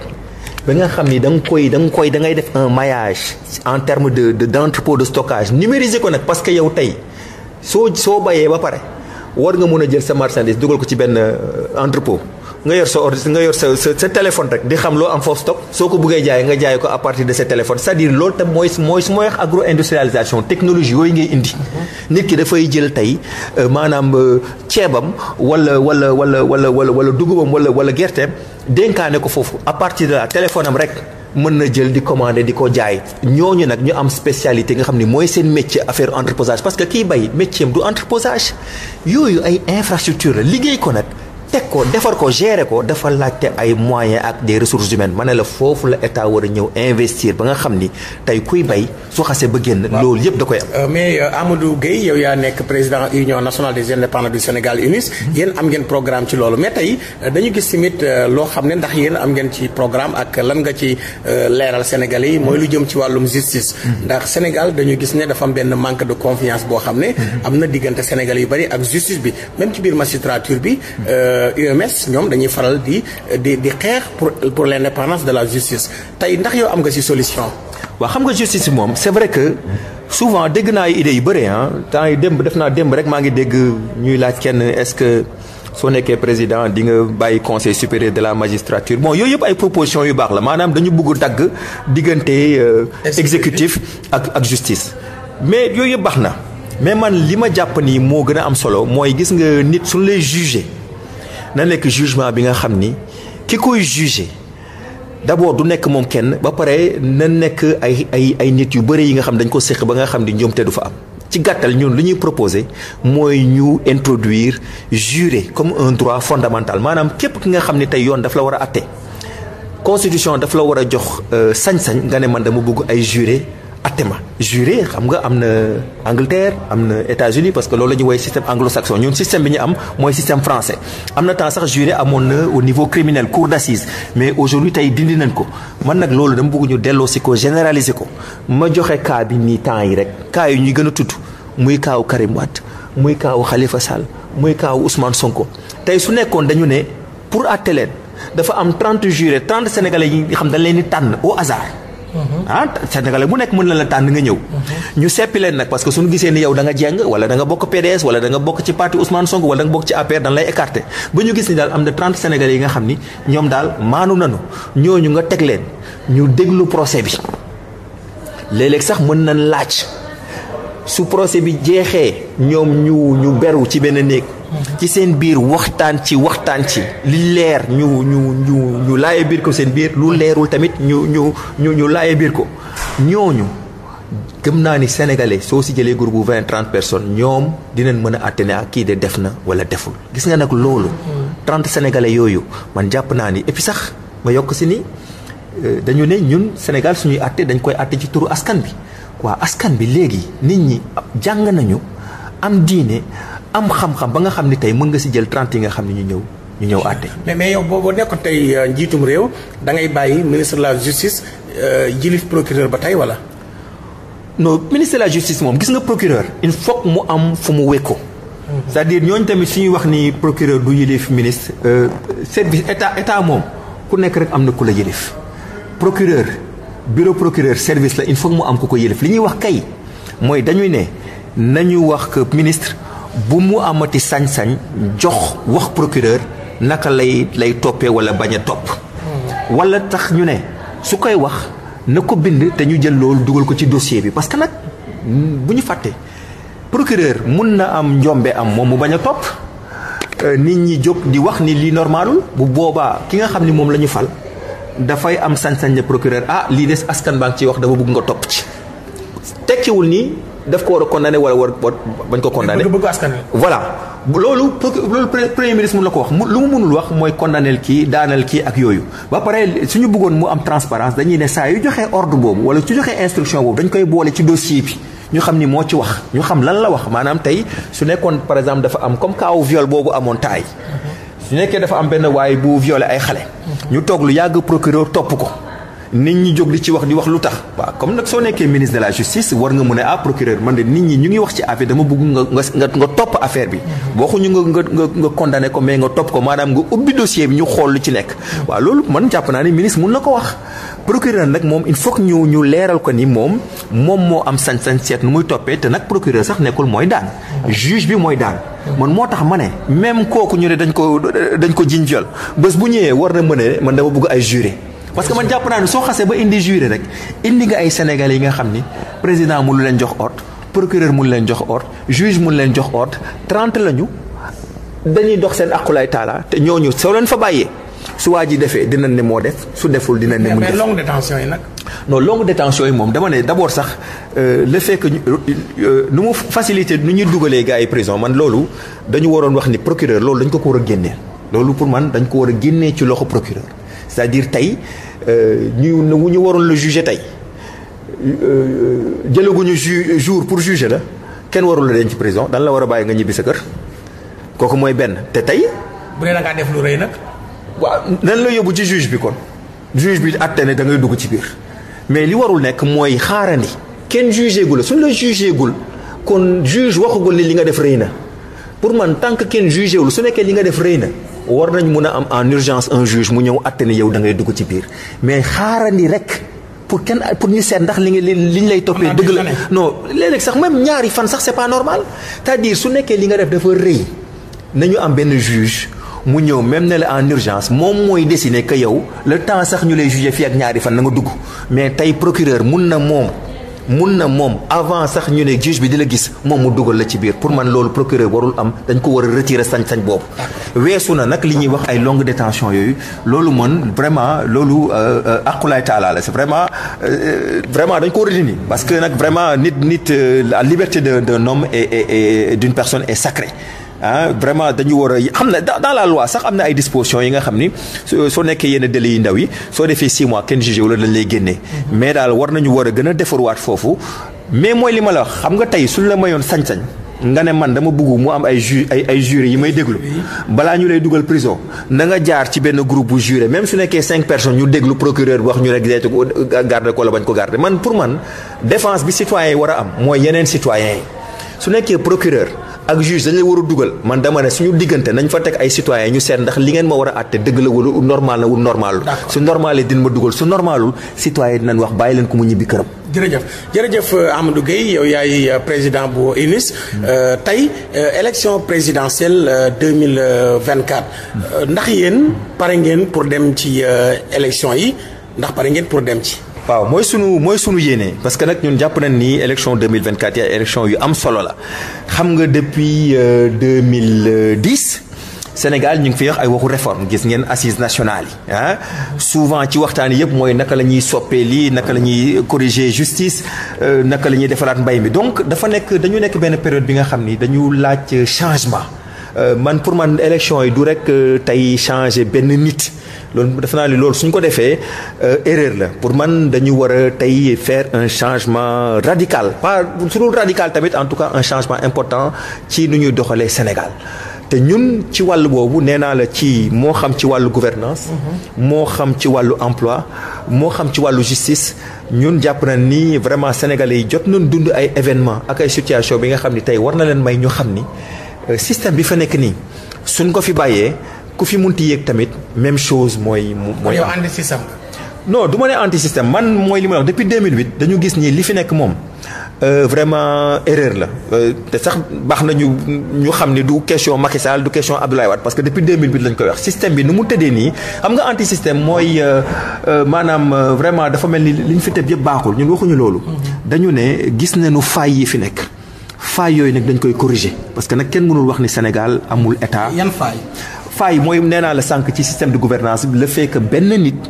ba nga xam ni danga koy da koy da ngay def un maillage en terme de de d'entrepôt de stockage numériser ko nag parce que yow tey soo soo bayee ba pare war nga mun a jël sa marchandise dugal ko ci benn euh, entrepôt nga yor sa ordi nga yor sa sa téléphone rek di xam loo am foofu stock soo ko bëggee jaay nga jaay ko à partir de sa téléphone c'est-à-dire loolu mooy mooy su mooy wax agro industrialisation technologie yooyu ngay indi. Mm-hmm. nit ki dafay jël tey euh, maanaam euh, ceebam wala wala wala wala wala wala dugubam wala wala gerteem dénkaane ko foofu à partir de la téléphone am rek. mën na jël di commander di ko jaay ñooñu nag ñu am spécialité nga xam ni mooy seen métier affaire entreposage parce que kii bay métier du entreposage yooyu ay infrastructure la liggéey ko nag. teg ko defar ko gérer ko dafa laajte ay moyen ak des ressources humaines ma ne la foofu la état war a ñëw investir ba nga xam ni tey kuy bay su xasee ba génn. loolu yëpp da koy am. Euh, mais euh, Amadou Gueye yow yaa nekk président union nationale des indépendants du Sénégal UNIS. Mhm. yéen am ngeen programme ci loolu mais tey euh, dañu gis tamit loo xam ne ndax yéen am ngeen ci programme ak lan nga ci leeral sénégal yi mooy lu jëm ci wàllum justice. Mhm. ndax Sénégal dañu gis ne dafa benn manque de confiance boo xam ne. Mhm. am na diggante sénégal yu bari ak justice bi même ci biir magistrature bi. UMS euh, ñoom dañuy faral di di xeex pour pour l'indépendance de la justice tey ndax yow am nga si solution. waa xam nga justice moom c'est vrai que souvent dégg naa idées yu bëri ah temps yi démb def naa démb rek maa ngi dégg ñuy laaj kenn est-ce que. soo nekkee président di nga bàyyi conseil supérieur de la magistrature bon yooyu yëpp ay propositions yu baax la maanaam dañu bëgg dagg diggante euh, exécutif ak ak justice mais yooyu yëpp baax na mais man li ma jàpp ni moo gën a am solo mooy gis nga nit suñu lay jugé na nekk jugement bi nga xam ni ki koy jugé d'abord du nekk moom kenn ba pare na nekk ay ay ay nit yu bëri yi nga xam dañ ko séq ba nga xam ni ñoom te du fa am ci gàttal ñun lu ñuy proposé mooy ñu introduire juré comme un droit fondamental maanaam képp ki nga xam ni tey yoon daf la war a atte constitution daf la war a jox euh, sañ-sañ nga ne man dama bëgg ay juré fàtte ma xam nga am na Angleterre am na États-Unis parce que loolu la ñuy woowee système anglo-saxon ñun système bi ñu am mooy système français am na temps sax juré amoon na au niveau criminel cour d'assises mais aujourd'hui tey dindi nañ ko man nag loolu dama bëgg ñu delloo si ko généraliser ko ma joxe cas bi nii temps yi rek cas yi ñuy gën a tudd muy kaawu Karim Wade muy kaawu Khalifa Sall muy kaawu Ousmane Sonko tey su nekkoon dañu ne pour àtte leen dafa am 30 jurés 30 sénégalais yi xam dañ leen di tànn au ah sénégalais bu nekk mën na la tànn nga ñëw mhm. ñu seppi leen nag parce que suñu gisee ni yow da nga jeng wala da nga bokk PDS wala da bokk ci parti Ousmane Sonko wala da nga bokk ci APR dañ lay écarté ba ñu gis ni daal am na 30 sénégalais yi nga xam ni ñoom daal maanu nanu ñooñu nga teg leen ñu déglu procès bi léeg sax mën na laaj su procès bi jeexee ñoom ñu ñu beru ci benn néeg ci seen biir waxtaan ci waxtaan ci li leer ñu ñu ñu ñu laaye biir ko seen biir lu leerul tamit ñu ñu ñu ñu laaye biir ko ñooñu gëm naa ni sénégalais soo si jëlee groupe bu vingt trente personnes ñoom dinañ mën a ak ah, kii de def na wala deful gis nga nag loolu hmm. trente sénégalais yooyu man jàpp naa ni et puis sax ma yokk si ni euh, dañu ne ñun senegal suñuy àtte dañ koy àtte ci turu askan bi waa askan bi léegi nit ñi jàng nañu am diine am xam-xam ba nga xam ni tey mën nga si jël trente yi nga xam ni ñu ñëw ñu ñëw àtte. mais mais yow boo boo nekkoon tey euh, njiitum réew da ngay bàyyi ministre de la justice euh, jilif procureur ba tey wala. non ministre de la justice moom gis nga procureur il faut mu am fu mu wékko. c'est-à-dire ñooñu tamit suñuy wax ni procureur du yilif ministre. Euh, service état état moom ku nekk rek am na ku la yilif procureur bureau procureur service la il faut mu am ku ko yilif li ñuy wax kay mooy dañuy ne nañu wax ministre. bu mu amati sañ-sañ jox wax procureur naka lay lay toppee wala bañ a topp wala tax ñu ne su koy wax na ko bind te ñu jël loolu dugal ko ci dossier bi parce que nag mm, bu ñu fàtte procureur mun na am njombe am moom mu bañ a topp euh, nit ñi jóg di wax ni lii normalul bu boobaa ki nga xam ni moom la ñu fal dafay am sañ-sañ ne procureur ah lii des askan baa ciy wax dafa bëgg nga topp ci tekkiwul nii daf ko war a condamné wala war bañ ko condamné. bëgg askan voilà loolu loolu premier ministre mu la ko wax lu mu mënul wax mooy condamnel ki daanal kii ak yooyu. ba pare ñu bëggoon mu am transparence dañuy ne saa yu joxee ordre boobu wala su joxee instruction boobu dañ koy boole ci dossier bi. ñu xam ni moo ci wax ñu xam lan la wax maanaam tey su nekkoon par exemple dafa am comme kaawu viole boobu amoon taay mhm. su nekkee dafa am benn waaye bu violé ay xale. Mhm. ñu toog lu yàgg procureur topp ko. nit ñi jóg di ci wax di wax lu tax. waaw comme nag soo nekkee ministre de la justice war nga mën a ah procureur man de nit ñi ñu ngi wax ci affaire dama bëgg nga nga nga topp affaire bi. waxuñu nga nga nga condamné ko mais nga topp ko maanaam nga ubbi dossier bi ñu xool ci nekk. waaw loolu man jàpp naa ni ministre mun na ko wax. procureur nag moom il faut que ñu ñu leeral ko ni moom moom moo am sañ-sañ seet nu muy toppee te nag procureur sax nekkul mooy daan. juge bi mooy daan. man moo tax ma ne même kooku ñu ne dañ ko dañ ko jiñ viol bés bu ñëwee war na mën a man dama bëgg ay juré. parce que man jàpp naa ne soo xasee ba indi juré rek indi nga ay sénégal yi nga xam ni président mu leen jox ordre procureur mu leen jox ordre juge mu leen jox ordre trente lañu dañuy dox seen aqulay taala te ñoo ñu soo leen fa bàyyee su waa ji defee dinañ ne moo def su deful dinañ ne. mu def mais longue détention yi nag. non longue détention yi moom dama ne d' abord sax euh, le fait que ñu euh, nu mu facilité nu ñuy dugalee gars yi prison man loolu dañu waroon wax ni procureur loolu dañ ko ko war a génneel loolu pour man dañ ko war a génnee ci loxo procureur. c'est-à-dire tey euh, ñu wu ñu waroon la juger tey euh, jëlaguñu ju jour pour juger la kenn warul la denc ci prison dan la war a bàyyi nga ñibbi sa kër kooku mooy benn te tey. bu dee da ngaa def lu rëy nag. waaw nan la yóbbu ci juge bi kon juge bi àtte ne da dugg ci biir mais li warul nekk mooy xaarandi kenn jugé gul suñ la jugé gul kon juge waxagul ne li nga def rëy na pour man tant que kenn jugé wul su nekkee li nga def rëy na. war nañ mun a am en urgence un juge mu ñëw atte ne yow da ngay dugg ci biir mais xaarandi rek pour kenn pour ñu seet ndax li nga li ñu lay toppee dëgg la no léeg sax même ñaari fan sax c'est pas normal c'est-à-dire su nekkee li nga def dafa rëy nañu am benn juge mu ñëw même ne la en urgence moom mooy décider que yow le temps sax ñu lay juger fii ak ñaari fan na nga dugg mais tey procureur mun na moom mun na moom avant sax ñu ne juge bi di la gis moom mu dugal la ci biir pour man loolu procureur warul am dañ ko war a retirer sañ-sañ boobu. weesu na nag li ñuy wax ay longue détention yooyu loolu man vraiment loolu euh, euh, akulaay taala la c'est vraiment euh, vraiment dañ koo war a dindi parce que nag vraiment nit nit la liberté de homme et d'une personne est sacrée. ah vraiment dañu war a xam ne dans la loi sax am na ay dispositions yi nga xam ni soo nekkee yenn délais yu ndaw yi soo defee 6 mois kenn jugé wala dañ lay génnee mm-hmm. mais daal war nañu war a gën a waat foofu mais mooy li ma la wax xam nga tey suñ la mayoon sañ-sañ nga ne man dama bëgg mu am ay ju ay ay juré yi may déglu balaa ñu lay dugal prison na nga jaar ci benn groupe bu juré su nekkee cinq personnes ñu déglu procureur wax ñu rek deetu ko garder ko la ko garder man pour man défense bi citoyen yi war a am mooy yeneen citoyen yi su nekkee procureur ak juge dañ la war a dugal man dama ne suñu diggante nañ fa teg ay citoyen ñu seet ndax li ngeen ma war a àtte dëgg la wala normal na wul normalul su normalee din ma dugal su normalul citoyen dinañ wax bàyyi leen ko mu ñibbi këram jërëjëf jërëjëf euh, Amadou Gueye yaay euh, président bu UNIS hmm. euh, tey élection présidentielle 2024 hmm. ndax yéen pare ngeen pour dem ci élection yi ndax pare ngeen pour dem ci waaw mooy sunu mooy sunu yéene parce que nag ñun jàpp nañ ni élection 2024 yi élection yu am solo la xam nga depuis 2010 euh, Sénégal ñu ngi fi wax ay waxu réforme gis ngeen assises nationale yi ah souvent ci waxtaan yëpp mooy naka la ñuy soppee lii naka la ñuy corriger justice euh, naka la ñuy defaraat mbay mi donc dafa nekk dañu nekk benn période bi nga xam ni dañu laaj euh, changement man pour man élection yi du rek tey changer benn nit. loolu defe naa ni loolu suñ ko defee euh, erreur la pour man dañu war a tey faire un changement radical pas surtout radical tamit en tout cas un changement important ci nu ñuy doxalee Sénégal te ñun ci wàll boobu nee naa la ci moo xam ci wàllu gouvernance moo xam ci wàllu emploi moo xam ci wàllu justice ñun jàpp na ni vraiment sénégalais yi jot nañ dund ay événement ak ay situation bi nga xam ni tey war na leen may ñu xam ni euh, système bi fa nekk nii suñ ko fi bàyyee ku fi ti yéeg tamit même chose mooy. mooy yow anti système non du ma ne anti système man mooy li ma wax depuis 2008 dañu gis ni li fi nekk moom euh, vraiment erreur la euh, te sax baax na ñu ñu xam ni du question Macky Sall du question Abdoulaye Wade parce que depuis 2008 lañ koy wax système bi nu mu tëddee nii xam nga anti système mooy euh, maanaam vraiment dafa mel ni li ñu fi tëb yëpp baaxul ñun waxuñu loolu. dañu ne gis nañu faay yi fi nekk. faay yooyu nag dañ koy corriger parce que nag kenn mënul wax ni Sénégal amul état. yan faay. faille mooy nee naa la sànq ci système de gouvernance bi le benn nit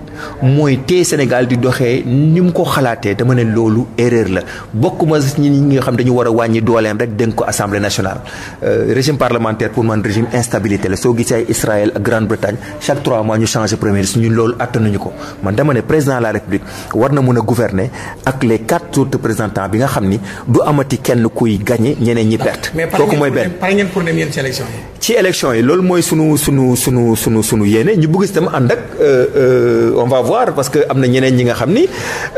mooy tee Sénégal di doxee ni mu ko xalaatee dama ne loolu erreur la bokk ma ñi ñi nga xam dañu war a wàññi dooleem rek dénk ko assemblée nationale. Euh, régime parlementaire pour man régime instabilité la soo gisee ay Israël ak Grande-Bretagne chaque trois mois ñu changé premier ministre ñun loolu attanuñu ko man dama ne président de la république war na mën a gouverner ak les quatre autres présentant bi nga xam ni du amati kenn kuy gagné ñeneen ñi perte. kooku mooy benn mais par ngeen pour dem yéen ci élection ci élection yi loolu mooy sunu sunu. sunu sunu sunu sunu yéene ñu bëgg si tam ànd ak euh, euh, on va voir parce que am na ñeneen ñi nga xam ni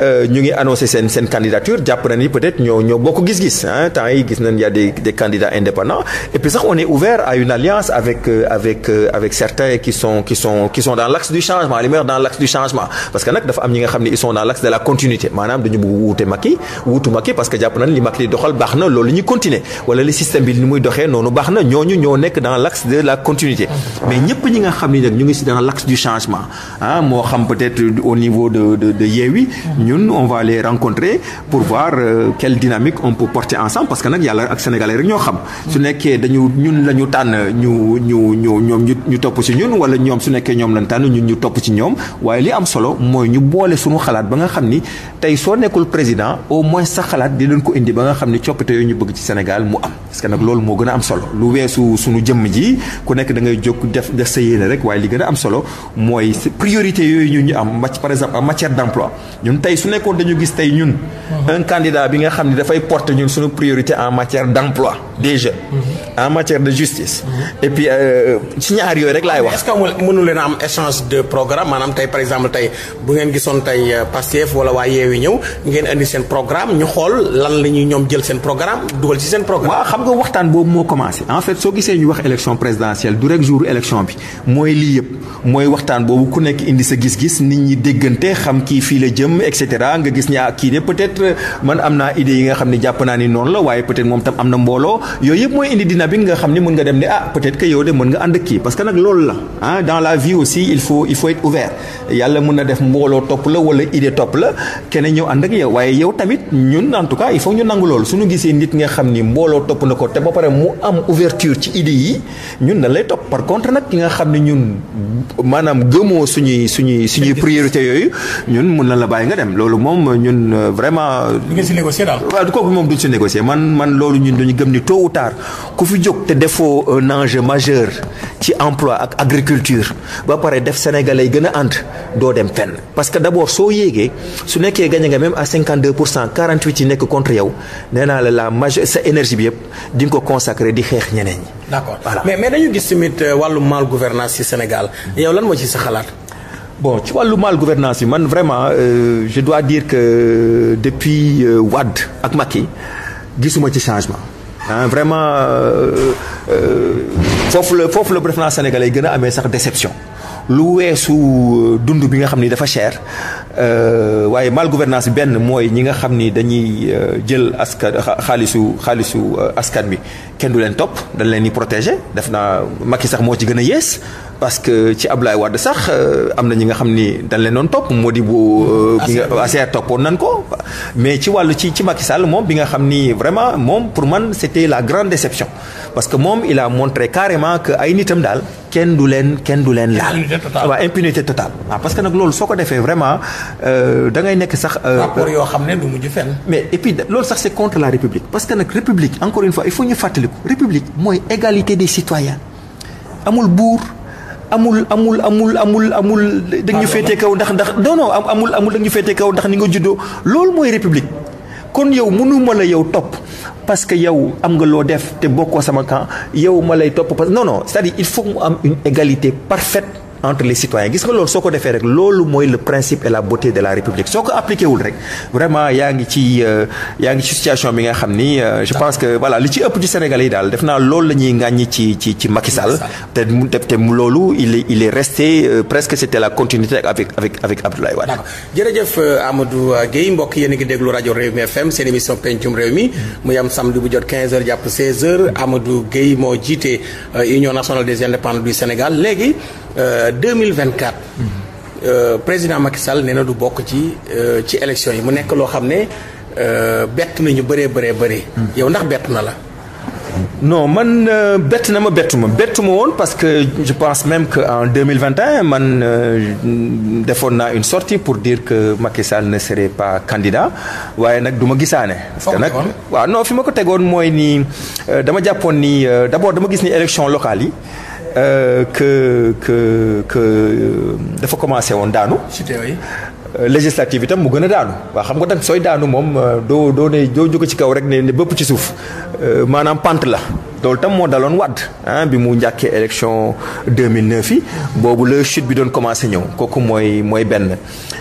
euh, ñu ngi annoncé seen seen candidature jàpp na ni peut-être ñoo ñoo bokk gis-gis ah temps yi gis nañ y a des des candidats indépendants et puis sax on est ouvert à une alliance dafa am ñi nga xam ni ils sont dans l'axe de la continuité maanaam dañu bëgg wuute Macky wuutu doxal baax na loolu ñu continuer wala li système bi ni muy doxee noonu baax na ñooñu ñoo nekk dans l'axe de la continuité mais ñëpp ñi nga xam ni nag ñu ngi si dans l'axe du changement ah moo xam peut-être au niveau de de de Yewwi ñun on va les rencontrer pour voir euh, quelle dynamique on peut porter ensemble parce que nag yàlla ak sénégalais rek ñoo xam. su nekkee dañu ñun la ñu tànn ñu ñu ñu ñoom ñu topp si ñun wala ñoom su nekkee ñoom lañ tànn ñun ñu topp si ñoom waaye li am solo mooy ñu boole suñu xalaat ba nga xam ni tey soo nekkul président au moins sax xalaat di leen ko indi ba nga xam ni coppite yooyu ñu bëgg ci Sénégal mu am parce que moo gën a am solo def def sa yéene rek waaye li gën a am solo mooy priorité yooyu ñun ñu am par exemple en matière d' ñun tey su nekkoon dañu gis tey ñun. Uh-huh. un candidat bi nga xam ne dafay porter ñun suñu priorité en matière d' des jeunes. en matière de justice. et puis euh, ci ñaar yooyu rek laay wax. est-ce que leen am échange de maanaam tey par exemple tey bu ngeen gisoon tey euh, Pastef wala waa ñëw ngeen indi seen programme ñu xool lan la ñuy ñoom jël seen programme dugal ci seen programme. waaw nga waxtaan boobu moo commencé en fait soo gisee ñu wax élection présidentielle du rek jour élection bi mooy lii yëpp mooy waxtaan boobu ku nekk indi sa gis-gis nit ñi déggante xam kii fii la jëm et cetera nga gis ne ah, kii de peut-être man am naa idée yi nga xam ne jàpp naa ni noonu la waaye peut-être moom tam am na mbooloo yooyu yëpp mooy indi dynamique nga xam ni mën nga dem ne ah peut-être que yow de mën nga ànd kii parce que nag loolu la ah, dans la vie aussi il faut il faut être ouvert yàlla mën na def mbooloo topp la wala idée topp la keneen ñëw ànd ak yow waaye yow tamit ñun en tout cas il faut ñu nangu loolu suñu gisee nit nga xam ni mbooloo topp na ko te ba pare mu am ouverture ci idée yi ñun dañ lay topp par contre nag ki nga xam ne ñun maanaam gëmoo suñuy suñuy suñuy priorité yooyu ñun mën na la bàyyi nga dem loolu moom ñun euh, vraiment. du ngeen si négocier daal. waaw tôt ou ku fi jóg te defoo nange enjeu majeur ci emploi ak agriculture ba pare def sénégalais gën a ànd doo dem fenn. parce que d' abord soo yéegee su nekkee gagné nga même à 52 pour cent 48 yi nekk contre yow nee naa la la maje sa énergie bi yëpp di nga ko consacré di xeex ñeneen ñi. d' accord voilà. mais mais dañu gis mit euh, wàllu mal gouvernance ci Sénégal yow lan moo ci sa xalaat. bon ci wàllu mal gouvernance bi man vraiment euh, je dois dire que euh, depuis wadd ak Macky gisuma ci changement. ah vraiment euh, euh, foofu la foofu la bu président sénégalais yi gën a amee sax déception lu weesu euh, dund bi nga xam ni dafa cher waaye mal gouvernance bi benn mooy ñi nga xam ni dañuy jël askan xaalisu xaalisu askan bi kenn du leen topp dañ leen di protéger def naa Macky sax moo ci gën a yées. parce que ci Ablaye Wade sax euh, am na ñi nga xam ni dañ leen doon topp moo di bu. Euh, bi nga ACR nan ko. mais ci wàllu ci ci Macky Sall moom bi nga xam ni vraiment moom pour man c'était la grande déception parce que moom il a montré carrément ay nitam daal kenn du leen kenn du leen laal. impunité totale waaw impunité ah, parce que nag loolu soo ko defee vraiment euh, da ngay nekk sax. rapport yoo xam ne du mujj fenn. mais et puis loolu sax c'est contre la république parce que nag république encore une fois il mooy égalité des amul amul amul amul amul da ñu féetee kaw ndax ndax non non amul amul da ñu féetee kaw ndax ni nga juddoo loolu mooy république kon yow ma la yow topp parce que yow am nga loo def te bokkoo sama camp yow ma lay topp parce que non non il faut mu am une égalité parfaite entre les citoyens gis nga loolu soo ko defee rek loolu mooy le principe et la beauté de la république soo ko appliqué rek vraiment yaa ngi ci euh, yaa ngi ci situation bi nga xam ni euh, je pense que voilà li ci ëpp ci sénégal yi daal def naa loolu la ñuy ŋàññi ci ci ci Macky Sall te mu te loolu il est il est resté euh, presque c' était la continuité avec avec avec Abdoulaye Wade. jërëjëf Amadou Guèye mbokk yéen a ngi déglu rajo Rewmi FM seen émission pencum réew mi mm. muy am samedi bu jot 15h jàpp 16h mm. Amadou Guèye moo jiite Union nationale des indépendants du Sénégal léegi. deux mille vingt quatre euh, président Macky Sall na du bokk ci euh, ci élection yi mu nekk loo xam ne euh, bett nañu bëree bëree bëri. yow ndax bett na la. non man euh, bett na ma bettu ma bettu ma woon parce que je pense même que en 2021 man euh, defoon naa une sorti pour diir que Macky Sall ne serait pas candidat waaye nag du ma gisaane parce que nag waaw no fi ma ko tegoon mooy nii dama jàppoon ni d'abord dama gis ni élection locale yi Euh, que que que euh, dafa commencé woon daanu. Euh, législative tam mu gën a daanu waa xam nga nag sooy daanu moom doo doo ne doo jóge ci kaw rek ne ne bëpp ci suuf maanaam pente la loolu tam moo daloon wàdd ah bi mu njàkkee élection 2009 yi boobu la chute bi doon commencé ñëw kooku mooy mooy benn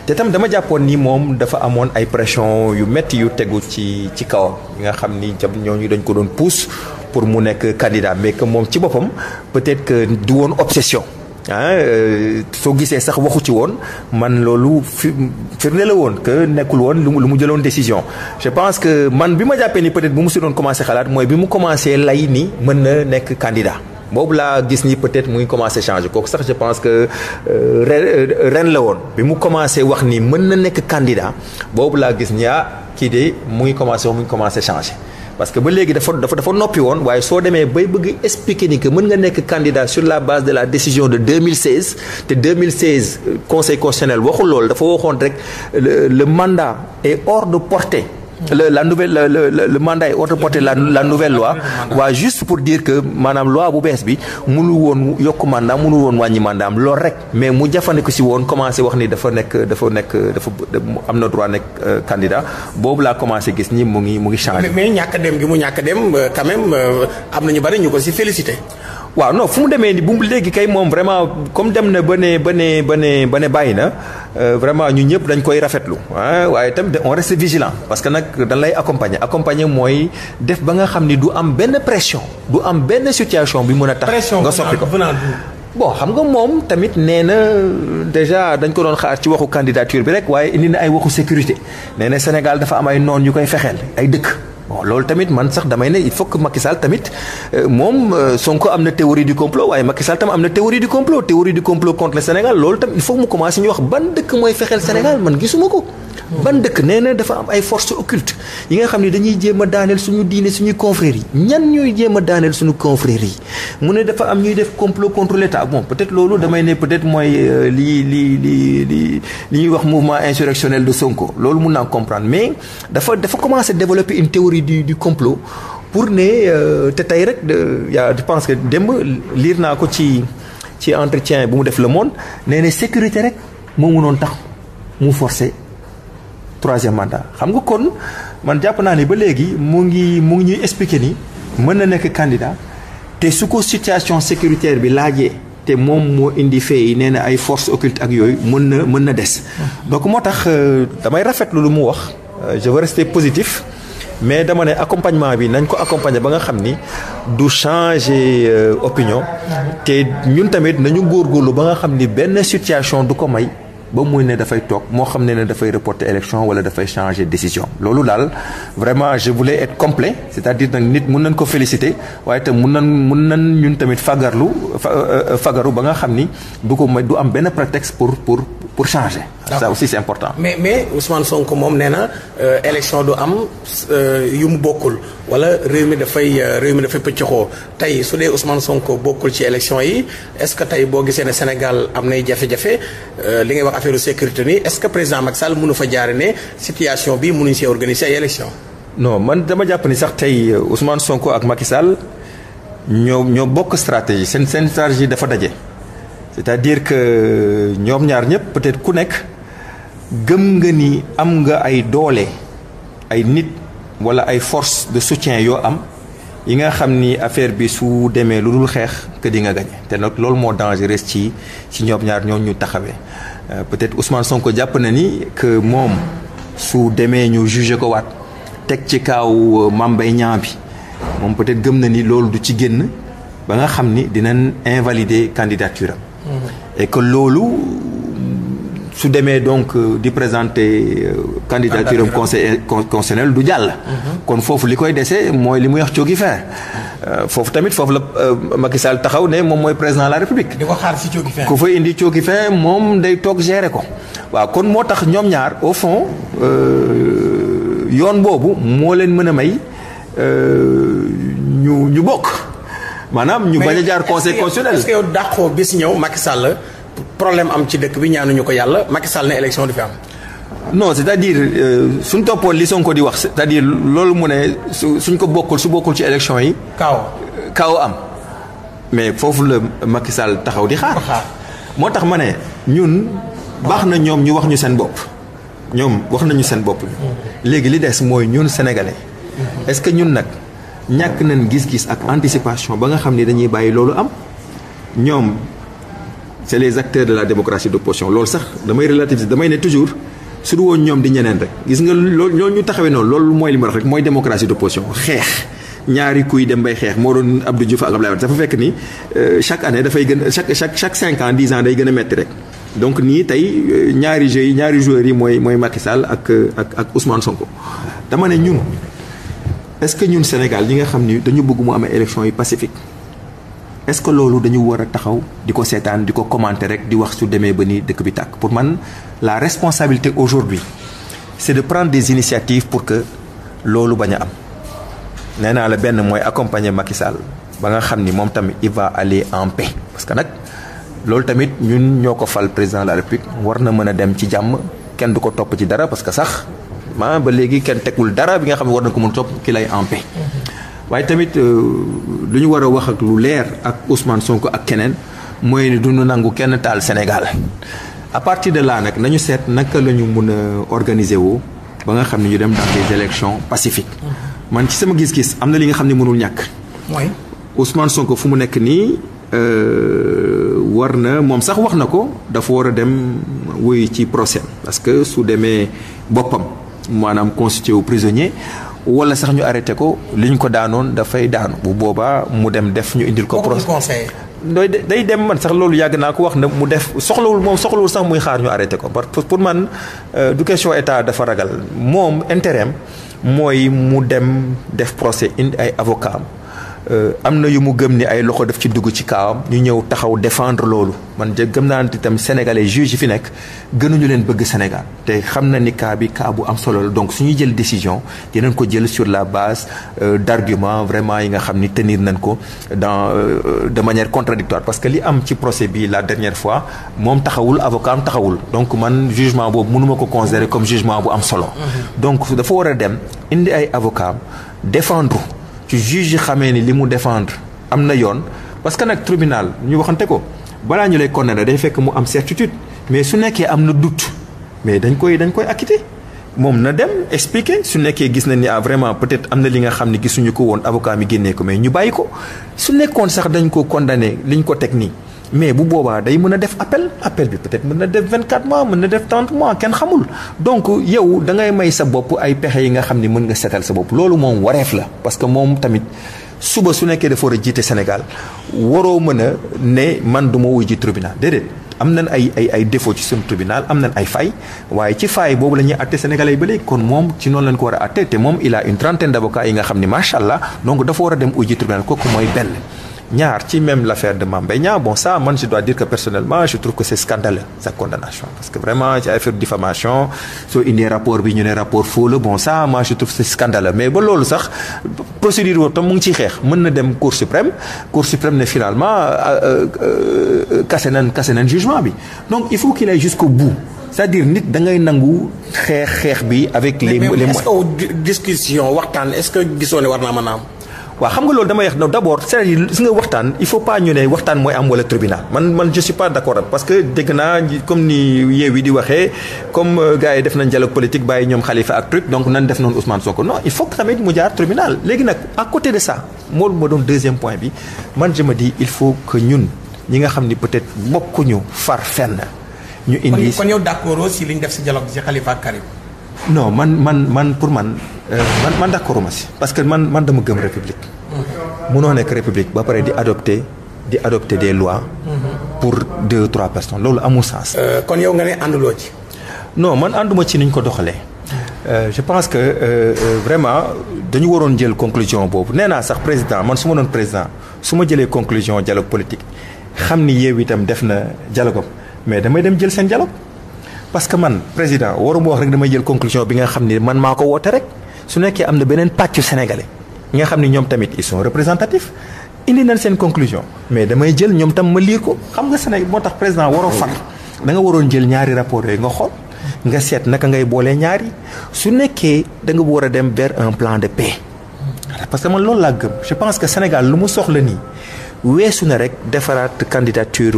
te tam dama jàppoon nii moom dafa amoon ay pression yu métti yu tegu ci ci kawam yi nga xam ni jam ñooñu dañ ko doon puus pour mu nekk candidat mais que moom ci boppam peut-être que du woon obsession ah euh, soo gisee sax waxu ci woon man loolu fi firnde la woon que nekkul woon lu mu jëloon décision je pense que man bi ma jàppee ni peut-être bu mu si doon commencé xalaat mooy bi mu commencé lay ni mën na nekk candidat boobu laa gis ni peut-être mu ngi commencé changer kooku sax je pense que euh, euh, ren la woon bi mu commencé wax ni mën na nekk candidat boobu laa gis ni ah kii de mu commencé wax mu commencé changer parce que ba léegi dafa dafa dafa noppi woon waaye soo demee bay bëgg expliquer ni que mën nga nekk candidat sur la base de la décision de 2016 te 2016 euh, conseil constitutionnel waxul loolu dafa waxoon rek le mandat est hors de portée le la nouvelle le le mandat est autoporté la la nouvelle loi waa juste pour diir que maanaam loi bu bees bi mënul woon yokk mandat mënul woon wàññi mandat am loolu rek mais mu jafandiku si woon commencé wax nii dafa nekk dafa nekk dafa mu am na droit nekk euh, candidat boobu laa commencé gis ni mu ngi mu ngi changé. mais ñàkk dem gi mu ñàkk dem euh, quand euh, am na ñu bari ñu ko si félicité. waaw non fu mu demee ni bu mu léegi kay moom vraiment comme dem na ba ne ba ne ba ne ba bàyyi na euh, vraiment ñu ñëpp dañ koy rafetlu ah waaye itam on reste vigilant parce que nag dañ lay accompagner accompagner mooy def ba nga xam ni du am benn pression du am benn situation bi mën a tax nga soppi ko bon xam nga moom tamit nee na déjà dañ ko doon xaar ci waxu candidature bi rek waaye indi na ay waxu sécurité nee na Sénégal dafa am ay noon yu koy fexeel ay dëkk bon loolu tamit man sax damay ne il faut que Macky tamit euh, moom euh, Sonko am na théorie du complot waaye Macky Sall tam am na théorie du complot théorie du complot contre le Sénégal loolu tam il faut mu commencé ñu wax ban dëkk mooy fexeel Sénégal man gisuma ko. ban dëkk nee na dafa am ay force occultes yi nga xam ne dañuy jéem a daaneel suñu diine suñuy confrères ñan ñuy jéema daaneel suñu confrères yi mu ne dafa am ñuy def complot contre l'état bon peut loolu damay ne peut-être mooy euh, lii lii li li li ñuy wax mouvement insurrectionnel de Sonko loolu mun naa comprendre mais dafa dafa commencer développer une théorie du du complot pour ne euh, te tey rek yaa je que démb liir naa ko ci ci entretien bu mu def le monde nee na sécurité rek moo mënoon tax mu forcer. troisième mandat xam nga kon man jàpp naa ni ba léegi mu ngi mu ngi ñuy expliquer ni mën na nekk candidat te su ko situation sécuritaire bi laajee te moom moo indi fee yi nee na ay force occultes ak yooyu mën na mën na des. donc moo tax euh, damay rafetlu lu mu wax. Euh, je veux rester positif mais dama ne accompagnement bi nañ ko accompagner ba nga xam ni du changer euh, opinion. te ñun tamit nañu góor góorlu ba nga xam ni benn situation du ko may. ba muy ne dafay toog moo xam ne ne dafay reporter élection wala dafay changer décision loolu daal vraiment je voulais être complet c'est-à-dire nag nit mun nañ ko féliciter waaye tam mun nañ mun nañ ñun tamit fagarlu fa euh, euh, fagaru ba nga xam ni du ko may du am benn prétexte pour pour. pour changer. ça aussi c'est important. mais mais Ousmane Sonko moom nee na euh, élection du am euh, yu mu bokkul wala réew mi dafay euh, réew mi dafay pëccëxoo tey su dee Ousmane Sonko bokkul ci élection yi est-ce que tey boo gisee ne Sénégal am nay jafe-jafe li ngay wax affaire sécurité nii est-ce que président Macky Sall mënu fa jaare ne situation bi mënuñ see organiser ay élection non man dama jàpp ni sax tey Ousmane Sonko ak Macky Sall ñoo ñoo bokk stratégie seen seen stratégie dafa daje. c'est-à-dire que ñoom ñaar ñëpp peut-être ku nekk gëm nga ni am nga ay doole ay nit walla ay force de soutien yoo am yi nga xam ni affaire bi su demee lu dul xeex que di nga gañe te nag loolu moo dangereux ci ci ñoom ñaar ñoo ñu taxawee euh, peut-être Ousmane ko jàpp na ni que moom su demee ñu jugé ko waat teg ci kaaw euh, Mame Mbaye bi moom peut-être gëm na ni loolu du ci génn ba nga xam ni dina invalider candidature et que loolu su demee donc euh, di présenter euh, candidature am conseil constitutionnel du jàll mhm. kon foofu li koy dese mooy li muy wax coogi fin euh, foofu tamit foofu la Macky Sall taxaw ne moom mooy président de la République di ko xaar si coogi fin ku fa indi coogi fin moom day toog gérer ko waaw kon moo tax ñoom ñaar au fond yoon boobu moo leen mën a may ñu ñu bokk maanaam ñu bañ a jaar conseil constitutionnel. est-ce que yow ñëw Macky Sall problème am ci dëkk bi ñaanuñu ko yàlla Macky Sall ne élection du fi am. non c'est-à-dire euh, suñ toppoon li Sonko di wax c'est-à-dire loolu mu ne su suñ ko bokkul su bokkul ci élection yi. kaaw kaaw am. mais foofu la Macky Sall taxaw di xaar. moo tax ma ne ñun. baax na ñoom ñu wax ñu seen bopp. ñoom wax nañu seen bopp. Mm-hmm. léegi li des mooy ñun sénégalais. Mm-hmm. est ñun nag. ñàkk nañ gis-gis ak anticipation ba nga xam ne dañuy bàyyi loolu am ñoom c'est les acteurs de la de d'opposition lool sax damay relativiser damay ne toujours su du woon ñoom di ñeneen rek gis nga loolu loolu ñu taxawe noonu loolu mooy li ma wax rek mooy démocratie d'opposition xeex ñaari kuy dem bay xeex moo doon Abdou Diouf ak Abdoulaye Wade dafa fekk ni euh, chaque année dafay gën chaque chaque chaque cinq ans dix day gën a métti rek. donc nii tey euh, ñaari jeux yi ñaari joueurs yi mooy mooy Macky ak ak ak Ousmane Sonko dama ne ñun. est-ce que ñun Sénégal yi nga xam ni dañu bëgg mu am élection yi pacifique est-ce que loolu dañu war a taxaw di ko seetaan di ko commenter rek di wax su demee ba ni dëkk bi tàkk pour man la responsabilité aujourd'hui c'est de prendre des initiatives pour que loolu bañ a am nee naa la benn mooy accompagner Macky Sall ba nga xam ni moom tamit il va aller en paix parce que nag loolu tamit ñun ñoo ko fal président de la République war na mën a dem ci jàmm kenn du ko topp ci dara parce que sax ah ba léegi kenn tegul dara bi nga xam ne war na ko ki lay waaye tamit euh, lu ñu war a wax ak ak Ousmane Sonko ak keneen mooy ne nangu kenn taal Sénégal à de là nag nañu seet naka la ñu mun a organiser woo ba nga xam ne ñu dem dans des élections man ci sama gis-gis am na li nga xam ne mënul ñàkk. mooy Ousmane Sonko fu mu nekk nii. Euh, war na moom sax wax na ko dafa war a dem wuy ci procès parce que su demee boppam. maanaam constitué wu prisonnier wala sax ñu arrêté ko li ñu ko daanoon dafay daanu bu boobaa mu dem def ñu indil ko procès doy day dem man sax loolu yàgg naa ko wax ne mu def soxlawul moom soxlawul sax muy xaar ñu arrêté ko parce que pour man euh, du question état dafa ragal moom intérêt am mooy mu dem def procès indi ay avocat Euh, am na yu mu gëm ni ay loxo def ci dugg ci kaawam ñu ñëw taxaw defendre loolu man de gëm naa ne itam sénégalais juge yi fi nekk gënuñu leen bëgg Sénégal te xam na ni cas bi cas bu am solo la donc suñuy jël décision dinañ ko jël sur la base euh, d'arguments vraiment yi nga xam ni tenir nañ ko dans euh, de manière contradictoire parce que li am ci procès bi la dernière fois moom taxawul avocat am taxawul donc man jugement boobu mënuma ko considérer comme jugement bu am solo mhm. donc indi ay avocat défendre ci juge yi xamee ni li mu défendre am na yoon parce que nag tribunal ñu waxante ko balaa ñu lay condamné day fekk mu am certitude mais su nekkee am na doute mais dañ koy dañ koy acquitté moom na dem expliquer su nekkee gis nañ ni ah vraiment peut-être am na li nga xam ne gisuñu ko woon avocat mi génnee ko mais ñu bàyyi ko su nekkoon sax dañ ko li ñu ko teg nii mais bu boobaa day mën a def appel appel bi peut-être mën na def 24 mois mën na def 30 mois kenn xamul donc yow da ngay may sa bopp ay pexe yi nga xam ni mën nga setal sa bopp loolu moom wareef la parce que moom tamit suba su nekkee dafa war a jiite Sénégal waroo mën a ne man du ma ji tribunal déedéet am nañ ay ay ay défaut ci suñu tribunal am nañ ay fay waaye ci faay boobu la ñuy atte sénégalais ba léegi kon moom ci noonu lañ ko war a atte te moom il a une trentaine d'avocats yi nga xam ni macha allah donc dafa war a dem uy ji tribunal kooku mooy benn ñaar ci même l'affaire de Mame Mbaye Niang bon ça man je dois dire que personnellement je trouve que c'est scandaleux sa condamnation parce que vraiment ci affaire diffamation soo indee rapport bi ñu ne rapport faux bon ça moi je trouve c'est scandaleux mais ba loolu sax procédure boobu tam mu ngi ciy xeex mën na dem cour suprême cour suprême ne finalement euh, euh, kase nañ kase nañ jugement bi donc il faut qu'il aille jusqu'au bout c'est-à-dire nit da ngay nangu xeex xeex bi avec les les moyens est-ce ce que gisoo ne war naa mën a am waaw xam nga loolu damay wax d' abord c'est-à-dire si nga waxtaan il faut pas ñu ne waxtaan mooy am wala tribunal man man je suis pas d' accord parce que naa comme ni Yewwi di waxee comme euh, gars yi def nañ dialogue politique bàyyi ñoom Khalifa ak truc donc nan def noonu Ousmane Sonko non il faut que tribunal léegi nag à côté de ça moo ma doon deuxième point bi man je me dis il faut que ñun ñi nga xam ni peut-être bokkuñu far fenn ñu indi kon yow d' si aussi li ñu def si dialogue si xalifa ak Karim non man man man pour man euh, man man d'accord si parce que man man dama gëm république. munoo nekk république ba pare di adopter di adopter des loi pour deux trois personnes loolu amul sens. Euh, kon yow nga ne ànduloo ci. non man ànduma ci ni ñu ko doxalee. Euh, je pense que vraiment dañu waroon jël conclusion boobu nee naa sax président man su ma doon président su ma jëlee conclusion dialogue politique xam ni yéew itam def na dialogue mais damay dem jël seen dialogue. parce que man président waruma wax rek damay jël conclusion bi nga xam ni man maa ko woote rek su nekkee am na beneen pàccu sénégalais nga xam ni ñoom tamit ils sont représentatifs indi nañ seen conclusion mais damay jël ñoom tam ma liir ko xam nga Sénégal moo tax président waroo far da nga waroon jël ñaari rapport yooyu nga xool nga seet naka ngay boolee ñaari su nekkee da nga war a dem vers un plan de paix parce que man loolu laa gëm je pense que Sénégal lu mu soxla nii weesu na rek defaraat candidature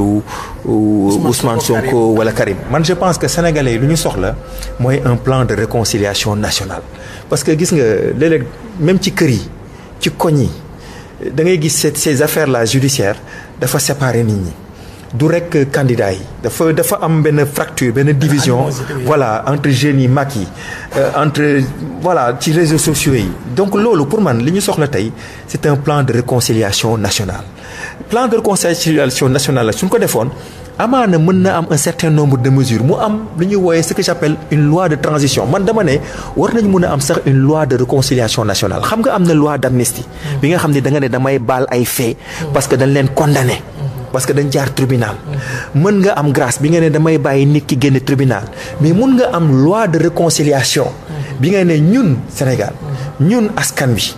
Ousmane Sonko wala Karim man je pense que sénégalais lu ñu soxla mooy un plan de réconciliation nationale parce que gis nga léeg-léeg même ci kër yi ci koñ yi da ngay gis ces affaires là judiciaires dafa séparer nit ñi du rek candidat yi dafa dafa am benn fracture benn division voilà entre jeunes yi mag yi euh, entre voilà ci réseau sociaux yi donc loolu pour man li ñu soxla tey c'est un plan de réconciliation nationale plan de réconciliation nationale la suñ ko defoon amaana mën na am un certain nombre de mesures mu am lu ñuy wooyee ce que j'appelle une loi de transition man dama ne war nañu mën a am sax une loi de réconciliation national xam nga am na loi d'amnistie bi nga xam ne da ne damay baal ay faits parce que dañ leen condamné parce que dañ jaar tribunal mën nga am grâce bi nga ne damay bàyyi nit ki génn tribunal mais mën nga am loi de réconciliation bi ngay nee ñun Sénégal ñun askan bi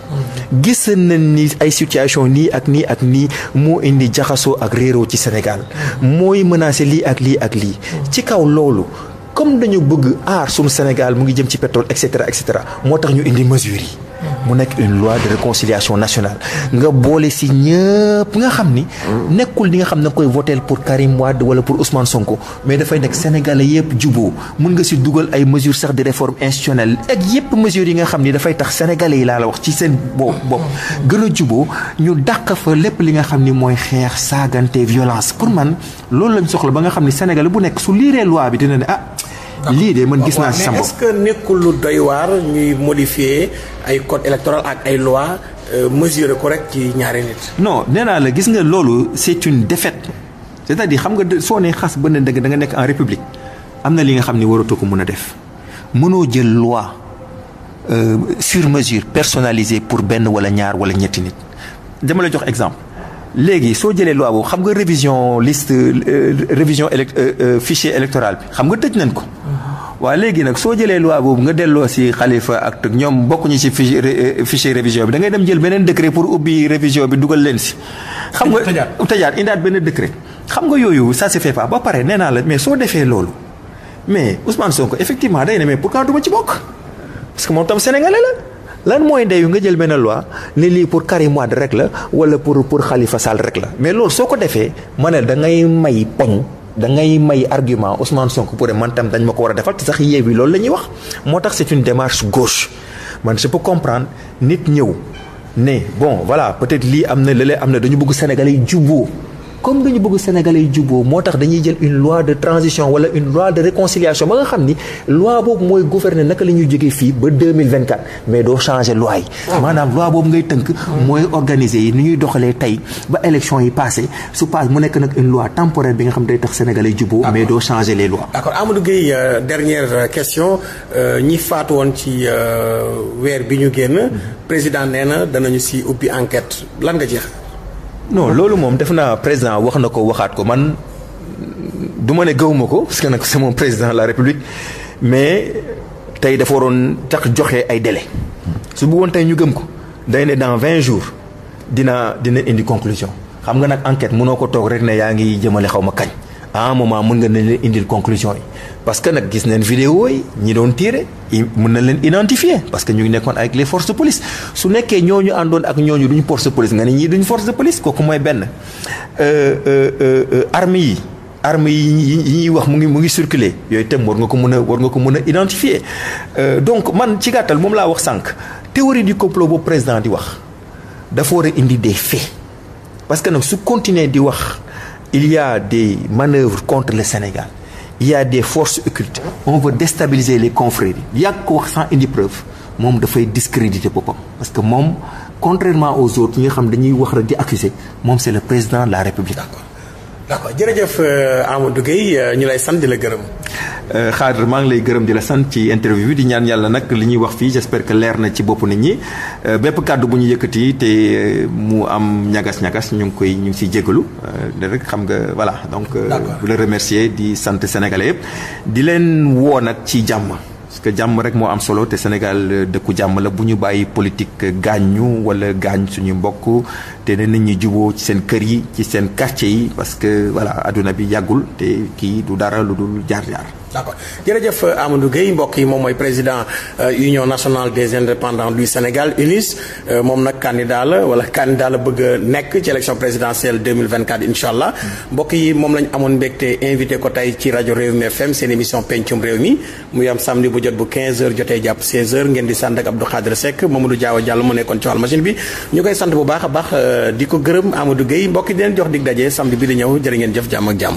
gis nañ ni ay situation nii ak nii ak nii moo indi jaxasoo ak réeroo ci Sénégal mooy menacé lii ak lii ak lii ci kaw loolu comme dañu bëgg aar suñu Sénégal mu ngi jëm ci pétrole et cetera et cetera moo tax ñu indi mesures yi mu nekk une loi de réconciliation nationale nga boole si ñëpp nga xam ni. nekkul li nga xam ne nga koy voter pour Karim Wade wala pour Ousmane Sonko mais dafay nekk sénégalais yëpp juboo mun nga si dugal ay mesures sax de réforme institutionnelle ak yëpp mesures yi nga xam ni dafay tax sénégalais yi laa la wax ci seen bopp bopp gën a juboo ñu daq fa lépp li nga xam ni mooy xeex saagante violence pour man loolu lañ soxla ba nga xam ni sénégalais bu nekk su liiree loi bi dina ne ah, lii de man gis naa si sama bopp. mais est-ce que nekkul lu doy waar ñuy modifier ay code électoral ak ay loi euh, mesuré ko rek ci ñaari nit. non nee naa la gis nga loolu c'est une défaite c'est-à-dire xam nga soo nee xas ba ne da nga nekk en république am na li nga xam ne waratu ko mën a def mënoo jël loi euh, sur mesure personnalisée pour benn wala ñaar wala ñetti nit dama la jox exemple. léegi soo jëlee loi boobu xam nga révision list euh, révision élect fichier électoral bi xam nga tëj nañ ko. waaw léegi nag soo jëlee loi boobu nga delloo si xalifa ak ñoom ñu si fiche fichier révision bi da ngay dem jël beneen décret pour ubbi révision bi dugal leen si. xam nga tëjaat indaat benn décret. xam nga yooyu ça se fait ba pare nee naa la mais soo defee loolu mais Ousmane ko effectivement day ne mais pourquoi du ci bokk parce tam sénégalais lan mooy ndeyu nga jël benn loi ne lii pour Karim Wade rek la wala pour pour Khalifa Sall rek la mais loolu soo defee ma ne da may poñ da ngay may argument Ousmane Sonko pour man tam dañ ma ko war a defal te sax Yewwi loolu la wax moo tax c'est une démarche gauche man je peux comprendre nit ñëw ne bon voilà peut-être lii am na lële am na dañu bëgg Sénégalais yi juboo comme dañu bëgg sénégalais yi juboo moo tax dañuy jël une loi de transition wala une loi de réconciliation ba nga xam ni loi boobu mooy gouverner naka la ñuy jógee fii ba 2024 mais doo changer loi yi ah. maanaam loi boobu ngay tënk ah. mooy organiser yi ni ñuy doxalee tey ba élection yi passé su passe mu nekk nag une loi temporaire bi nga xam day tax sénégalais yi juboo mais doo changer les lois d'accord Amadou Gueye euh, dernière question euh, ñi faatu woon ci euh, weer bi ñu génn mm-hmm. président nee na danañu si ubbi enquête lan nga jeex no loolu moom def naa président wax na ko waxaat ko man du ne gëwuma ko parce que nag c'est mon président la république mais tey dafa waroon tax joxe ay délai su bëggoon tey ñu gëm ko day ne dans vingt jours dina dina indi conclusion xam nga nag enquête munoo ko toog rek ne yaa ngi jëmale xaw ma kañ. à un moment mën nga leen indil conclusion yi parce que nag gis neen vidéo yi ñi doon tiire mën nañ leen identifier parce que ñu ngi nekkoon avec les forces de police su nekkee ñooñu àndoon ak ñooñu duñu force de police nga ne ñii duñ force de police kooku mooy benn euh, euh, euh, armes yi armes yi yi ñuy wax mu ngi mu ngi circuler yooyu tam war nga ko mën a war nga ko mën a identifier donc man ci gàttal moom laa wax sànq théorie du complot bu président di wax dafa war indi des faits parce que nag su continuer di wax il y a des manœuvres contre le Sénégal il y a des forces occultes on veut déstabiliser les confréries yàgg ko wax sans indi preuve moom dafay discréditer boppam parce que moom contrairement aux autres ñi nga xam ñuy wax rek di accuser moom c'est le président de la République d' accord jërëjëf euh, Amadou Gueye euh, ñu lay sant di la gërëm. xaadir euh, maa ngi lay gërëm di la sant ci interview bi di ñaan yàlla nag li ñuy wax fii j' espère que leer na ci bopp nit ñi bépp kàddu bu ñu yëkkati te mu am ñagas-ñagas ñu ngi koy ñu ngi siy jégalu de rek xam nga voilà donc. bu la remercier di sant sénégalais yëpp di leen woo nag ci jàmm. parce que jàmm rek moo am solo te Sénégal dëkku jàmm la bu ñu bàyyi politique gaañu wala gaañ suñu mbokk te ne nit ñi juboo ci seen kër yi ci seen quartier yi parce que voilà adduna bi yàggul te kii du dara lu dul jaar-jaar. d'accord jërëjëf Amadou Gueye mbokk yi moom mooy président euh, union nationale des indépendants du Sénégal UNIS euh, moom nag candidat la wala candidat la bëgg a nekk ci élection présidentielle 2024 incha allah mbokk yi moom lañ amoon mbégte invité ko tey ci rajo Réew mi FM seen émission pencum réew mi mu am samedi bu jot bu 15h jotee jàpp 16h ngeen di sant ak Abdou Khadre Seck Mamadou Diaw Diallo mu nekkoon ci wàllu bi di ko gërëm Amadou Gueye mbokki di leen jox dig daje samedi bi di ñëw jërë ngeen jëf jàmm ak jàmm.